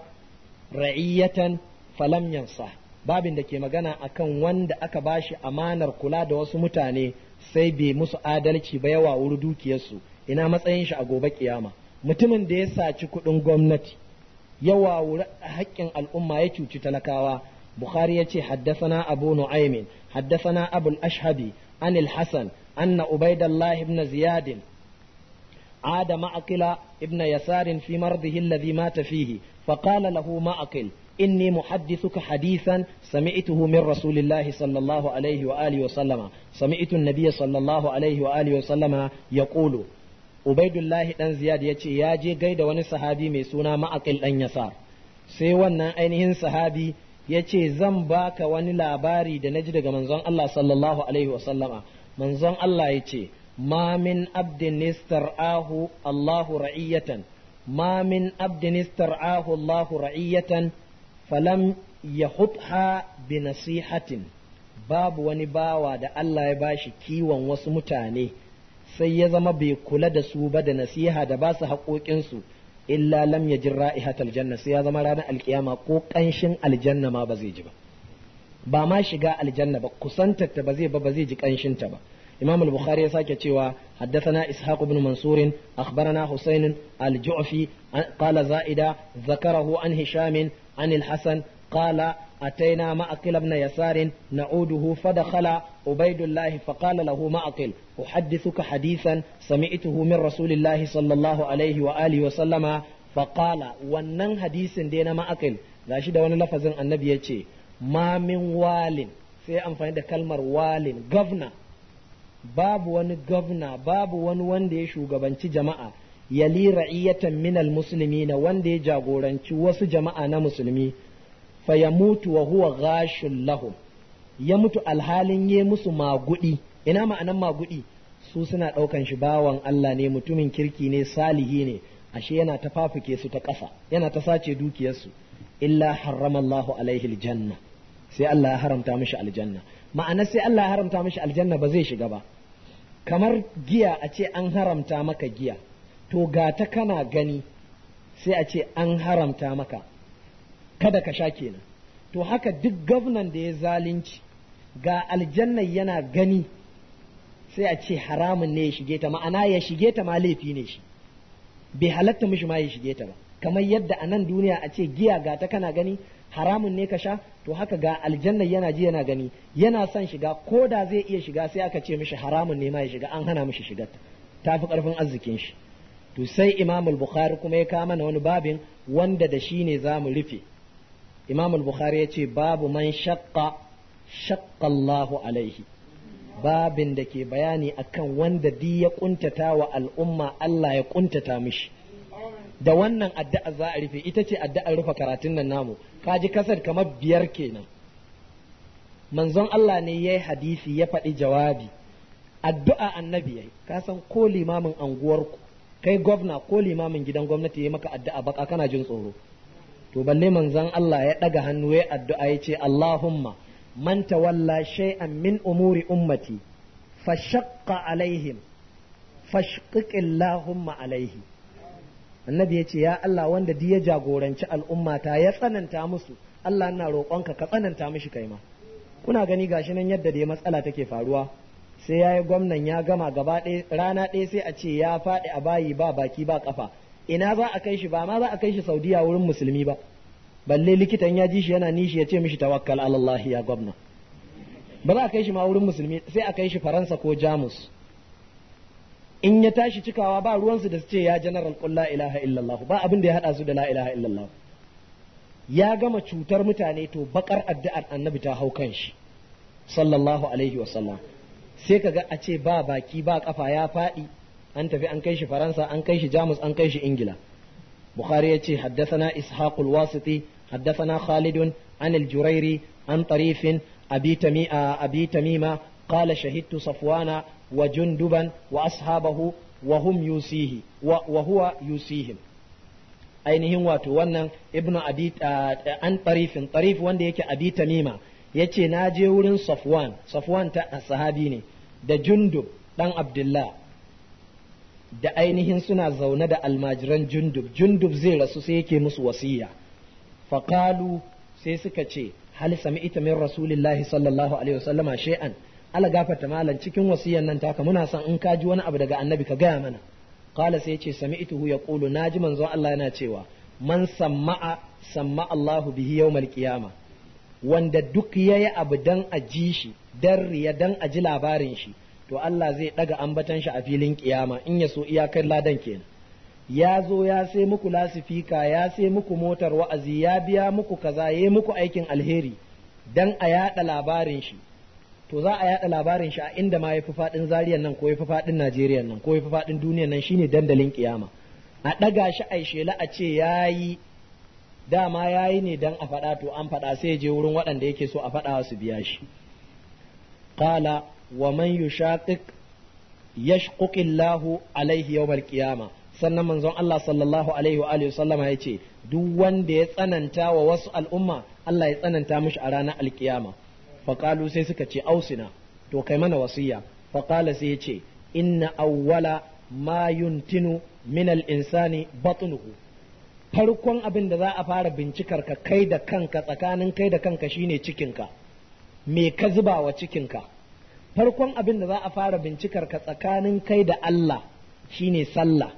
S1: ra'iyatan falam yansa babin da ke magana akan wanda aka bashi amanar kula da wasu mutane sai bai musu adalci ba yawa wuri dukiyarsu ina matsayin shi a gobe kiyama mutumin da ya saci kuɗin gwamnati yawa wuri haƙƙin al'umma ya cuci talakawa bukhari ya ce haddasana abu nu'aymin haddasana abul ashhabi anil hasan anna ubaidallahi ibn ziyadin عاد معقل ابن يسار في مرضه الذي مات فيه فقال له معقل إني محدثك حديثا سمعته من رسول الله صلى الله عليه وآله وسلم سمعت النبي صلى الله عليه وآله وسلم يقول عبيد الله دان زياد يجي ياجي غيدا وني صحابي مي سونا معقل دان يسار sai wannan ainihin sahabi ya ce zan baka wani labari da na ji daga manzon Allah sallallahu alaihi wasallama manzon Allah ya ce Mamin min abdin nistar'ahu Allahu ra'iyatan ma min abdin nistar'ahu ra'iyatan falam yahutha bi nasihatin babu wani bawa da Allah ya bashi kiwon wasu mutane sai ya zama bai kula da su ba da nasiha da basu su haƙoƙinsu illa lam ya jin ra'ihat aljanna sai ya zama ranar alkiyama ko ƙanshin aljanna ma ba zai ji ba ba ma shiga aljanna ba kusantarta ba zai ba zai ji ƙanshinta ba imam al-bukhari ya sake cewa haddathana ishaq ibn mansur akhbarana husayn al-ju'fi qala za'ida zakarahu an hisham أتينا معقل بن يسار نعوده فدخل عبيد الله فقال له معقل أحدثك حديثا سمعته من رسول الله صلى الله عليه وآله وسلم فقال ونن حديث دينا معقل gashi da wani lafazin annabi ya ce ma min sai amfani da kalmar walin gavna babu wani gwamna babu wani wanda ya shugabanci jama'a yali ra'iyatan minal musulmi na wanda ya jagoranci wasu jama'a na musulmi fa ya mutu wa huwa ghashun lahum ya mutu alhalin ya musu magudi ina ma'anan magudi su suna ɗaukan shi bawan Allah ne mutumin kirki ne salihi ne ashe yana ta fafuke su ta ƙasa yana ta sace dukiyarsu illa haramallahu alaihi aljanna sai Allah ya haramta mishi aljanna ma'ana sai Allah ya haramta mishi aljanna ba zai shiga ba kamar giya a ce an haramta maka giya to ga ta kana gani sai a ce an haramta maka kada ka sha kenan to haka duk gwamnan da ya zalunci ga aljanna yana gani sai a ce haramun ne ya shige ta ma'ana ya shige ta ma laifi ne shi bai halatta mishi ma ya shige ta ba kamar yadda a nan duniya a ce giya ga ta kana gani haramun ne ka sha to haka ga aljanna yana ji yana gani yana son shiga ko da zai iya shiga sai aka ce mishi haramun ne ma ya shiga an hana mishi shiga fi karfin arzikin shi to sai imam al-bukhari kuma ya kama na wani babin wanda da shi ne za mu rufe imam al-bukhari ya ce babu man shaqqa shaqqa Allahu alaihi babin da ke bayani akan wanda di ya kuntata wa al'umma Allah ya kuntata mishi da wannan addu'a za a rufe ita ce addu'ar rufe karatun nan namu kaji kasar kamar biyar kenan manzon Allah ne yayi hadisi ya faɗi jawabi addu'a annabi yayi ka san ko limamin ku kai gwamna ko limamin gidan gwamnati yayi maka addu'a baka kana jin tsoro to balle manzon Allah ya daga hannu ya addu'a ya ce Allahumma man tawalla shay'an min umuri ummati fashaqqa alaihim fashqiq Allahumma alaihi annabi ya ce ya Allah wanda di ya jagoranci al'ummata ya tsananta musu Allah na roƙonka ka tsananta mishi kai ma kuna gani gashi nan yadda da matsala take faruwa sai yayi gwamnan ya gama gaba rana ɗaya sai a ce ya faɗi a bayi ba baki ba kafa ina za a kai shi ba ma za a kai shi Saudiya wurin musulmi ba balle likitan ya ji shi yana nishi ya ce mishi tawakkal Allah ya gwamna ba za a kai shi ma wurin musulmi sai a kai shi Faransa ko Jamus in ya tashi cikawa ba ruwansu da su ce ya janaral qul la ilaha illallah ba abin da ya hada su da la ilaha illallah ya gama cutar mutane to bakar addu'ar annabi ta hau kan shi sallallahu alaihi wasallam sai kaga a ce ba baki ba kafa ya faɗi an tafi an kai shi faransa an kai shi jamus an kai shi ingila bukhari ya ce na ishaqul wasiti haddasana khalidun an al-jurairi an tarifin abi qala safwana wa junduban wa ashabahu wa hum yusihi wa huwa ainihin wato wannan ibnu abi an tarifin tarif wanda yake abi tamima yace na je wurin safwan safwan ta sahabi ne da jundub dan abdullah da ainihin suna zaune da almajiran jundub jundub zai rasu sai yake musu wasiya faqalu sai suka ce hal sami'ta min rasulillahi sallallahu alaihi wasallama shay'an ala gafarta malam cikin wasiyan nan taka muna son in ka ji wani abu daga annabi ka gaya mana qala sai yace sami'tuhu yaqulu naji manzo Allah yana cewa man samma'a samma Allahu bihi yawmal qiyama wanda duk yayi abu dan a ji shi dan riya dan a ji labarin shi to Allah zai daga ambatan shi a filin kiyama in ya so iyakar ladan kenan ya zo ya sai muku lasifika ya sai muku motar wa'azi ya biya muku kaza ya muku aikin alheri dan a yada labarin shi to za a yada labarin shi a inda ma yafi fadin zariyan nan ko yafi fadin Najeriya nan ko yafi fadin duniyan nan shine dandalin kiyama a daga shi a shela a ce yayi dama yayi ne dan a fada to an fada sai je wurin waɗanda yake so a fada su biya shi qala wa man yushaqiq yashquqillahu alaihi yawmal qiyama sannan manzon Allah sallallahu alaihi wa alihi sallama yace duk wanda ya tsananta wa wasu al'umma Allah ya tsananta mishi a ranar alkiyama faƙalu sai suka ce ausina to kai mana wasiya faƙala sai ya ce inna awwala ma yuntinu min al-insani batnuhu farkon abin da za a fara bincikar ka kai da kanka tsakanin kai da kanka shine cikinka me ka zuba wa cikinka farkon abin da za a fara bincikar ka tsakanin kai da Allah shine sallah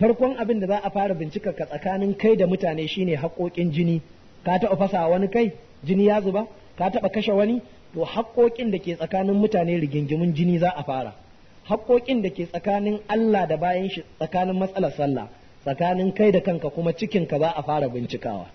S1: farkon abin da za a fara bincikar ka tsakanin kai da mutane shine haƙoƙin jini ka taɓa fasa wani kai jini ya zuba ka taɓa kashe wani to haƙoƙin da ke tsakanin mutane rigingimin jini za a fara haƙoƙin da ke tsakanin Allah da bayan shi tsakanin matsalar sallah tsakanin kai da kanka kuma cikinka za a fara bincikawa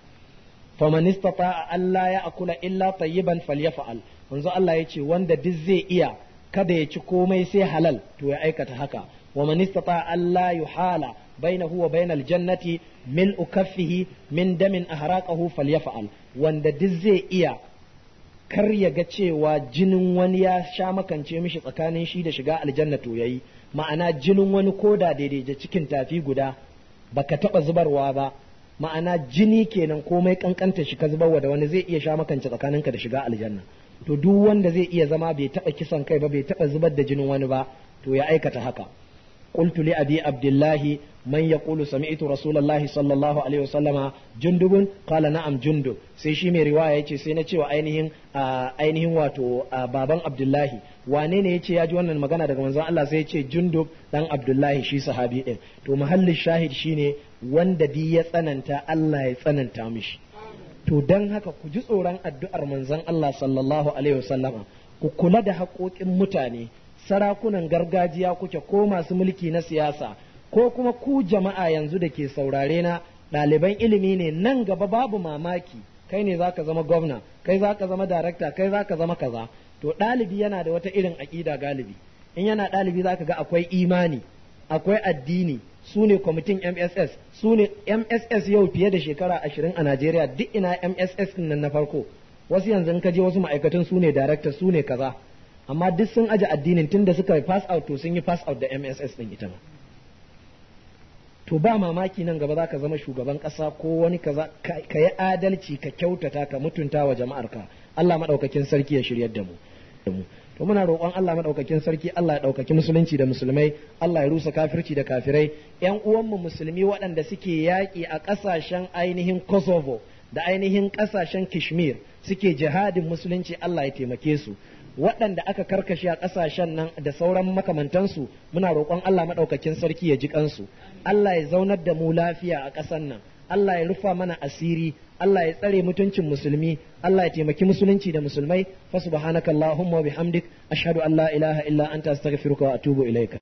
S1: faman istata'a Allah ya akula illa tayyiban falyaf'al yanzu Allah ya ce wanda duk zai iya kada ya ci komai sai halal to ya aikata haka wa man istata'a Allah yuhala bainahu wa bainal jannati mil ukaffihi min damin ahraqahu falyaf'al wanda duk zai iya kar ya ga cewa jinin wani ya sha makance mishi tsakanin shi da shiga aljanna to yayi ma'ana jinin wani koda daidai da cikin tafi guda baka taba zubarwa ba ma'ana jini kenan komai kankanta shi ka zubarwa da wani zai iya sha makance tsakaninka da shiga aljanna to duk wanda zai iya zama bai taba kisan kai ba bai taba zubar da jinin wani ba to ya aikata haka qultu li abi abdullahi man yaqulu sami'tu rasulullahi sallallahu alaihi wasallama jundubun qala na'am jundu sai shi mai riwaya ce sai na cewa ainihin ainihin wato baban abdullahi wane ne ce ya ji wannan magana daga manzon Allah sai ya ce jundub dan abdullahi shi sahabi din to muhallin shahid shine wanda bi ya tsananta Allah ya tsananta mishi to dan haka ku ji tsoron addu'ar manzon Allah sallallahu alaihi ku kula da haƙoƙin mutane sarakunan gargajiya kuke ko masu mulki na siyasa ko kuma ku jama'a yanzu da ke saurare na ɗaliban ilimi ne nan gaba babu mamaki kai ne zaka zama gwamna kai zaka zama darakta kai zaka zama kaza to ɗalibi yana da wata irin aƙida galibi in yana ɗalibi za ka ga akwai imani akwai addini su ne kwamitin mss su ne mss yau fiye da shekara ashirin a najeriya duk ina mss nan na farko wasu yanzu in ka je wasu ma'aikatan su ne darakta su ne kaza amma duk sun aji addinin tun da suka yi pass out to sun yi pass out da mss din ita ma to ba mamaki nan gaba za ka zama shugaban ƙasa ko wani kaza ka yi adalci ka kyautata ka mutunta wa jama'arka Allah maɗaukakin sarki ya shiryar da mu to muna roƙon Allah maɗaukakin sarki Allah ya ɗaukaki musulunci da musulmai Allah ya rusa kafirci da kafirai ƴan uwanmu musulmi waɗanda suke yaƙi a ƙasashen ainihin Kosovo da ainihin ƙasashen kashmir suke jihadin musulunci Allah ya taimake su waɗanda aka karkashe a ƙasashen nan da sauran makamantansu muna roƙon Allah maɗaukakin sarki ya ji kansu Allah ya zaunar da mu lafiya a ƙasar nan Allah ya rufa mana asiri Allah ya tsare mutuncin musulmi Allah ya taimaki musulunci da musulmai fa subhanakallahumma wa bihamdik ashhadu an la ilaha illa anta astaghfiruka wa atubu ilaika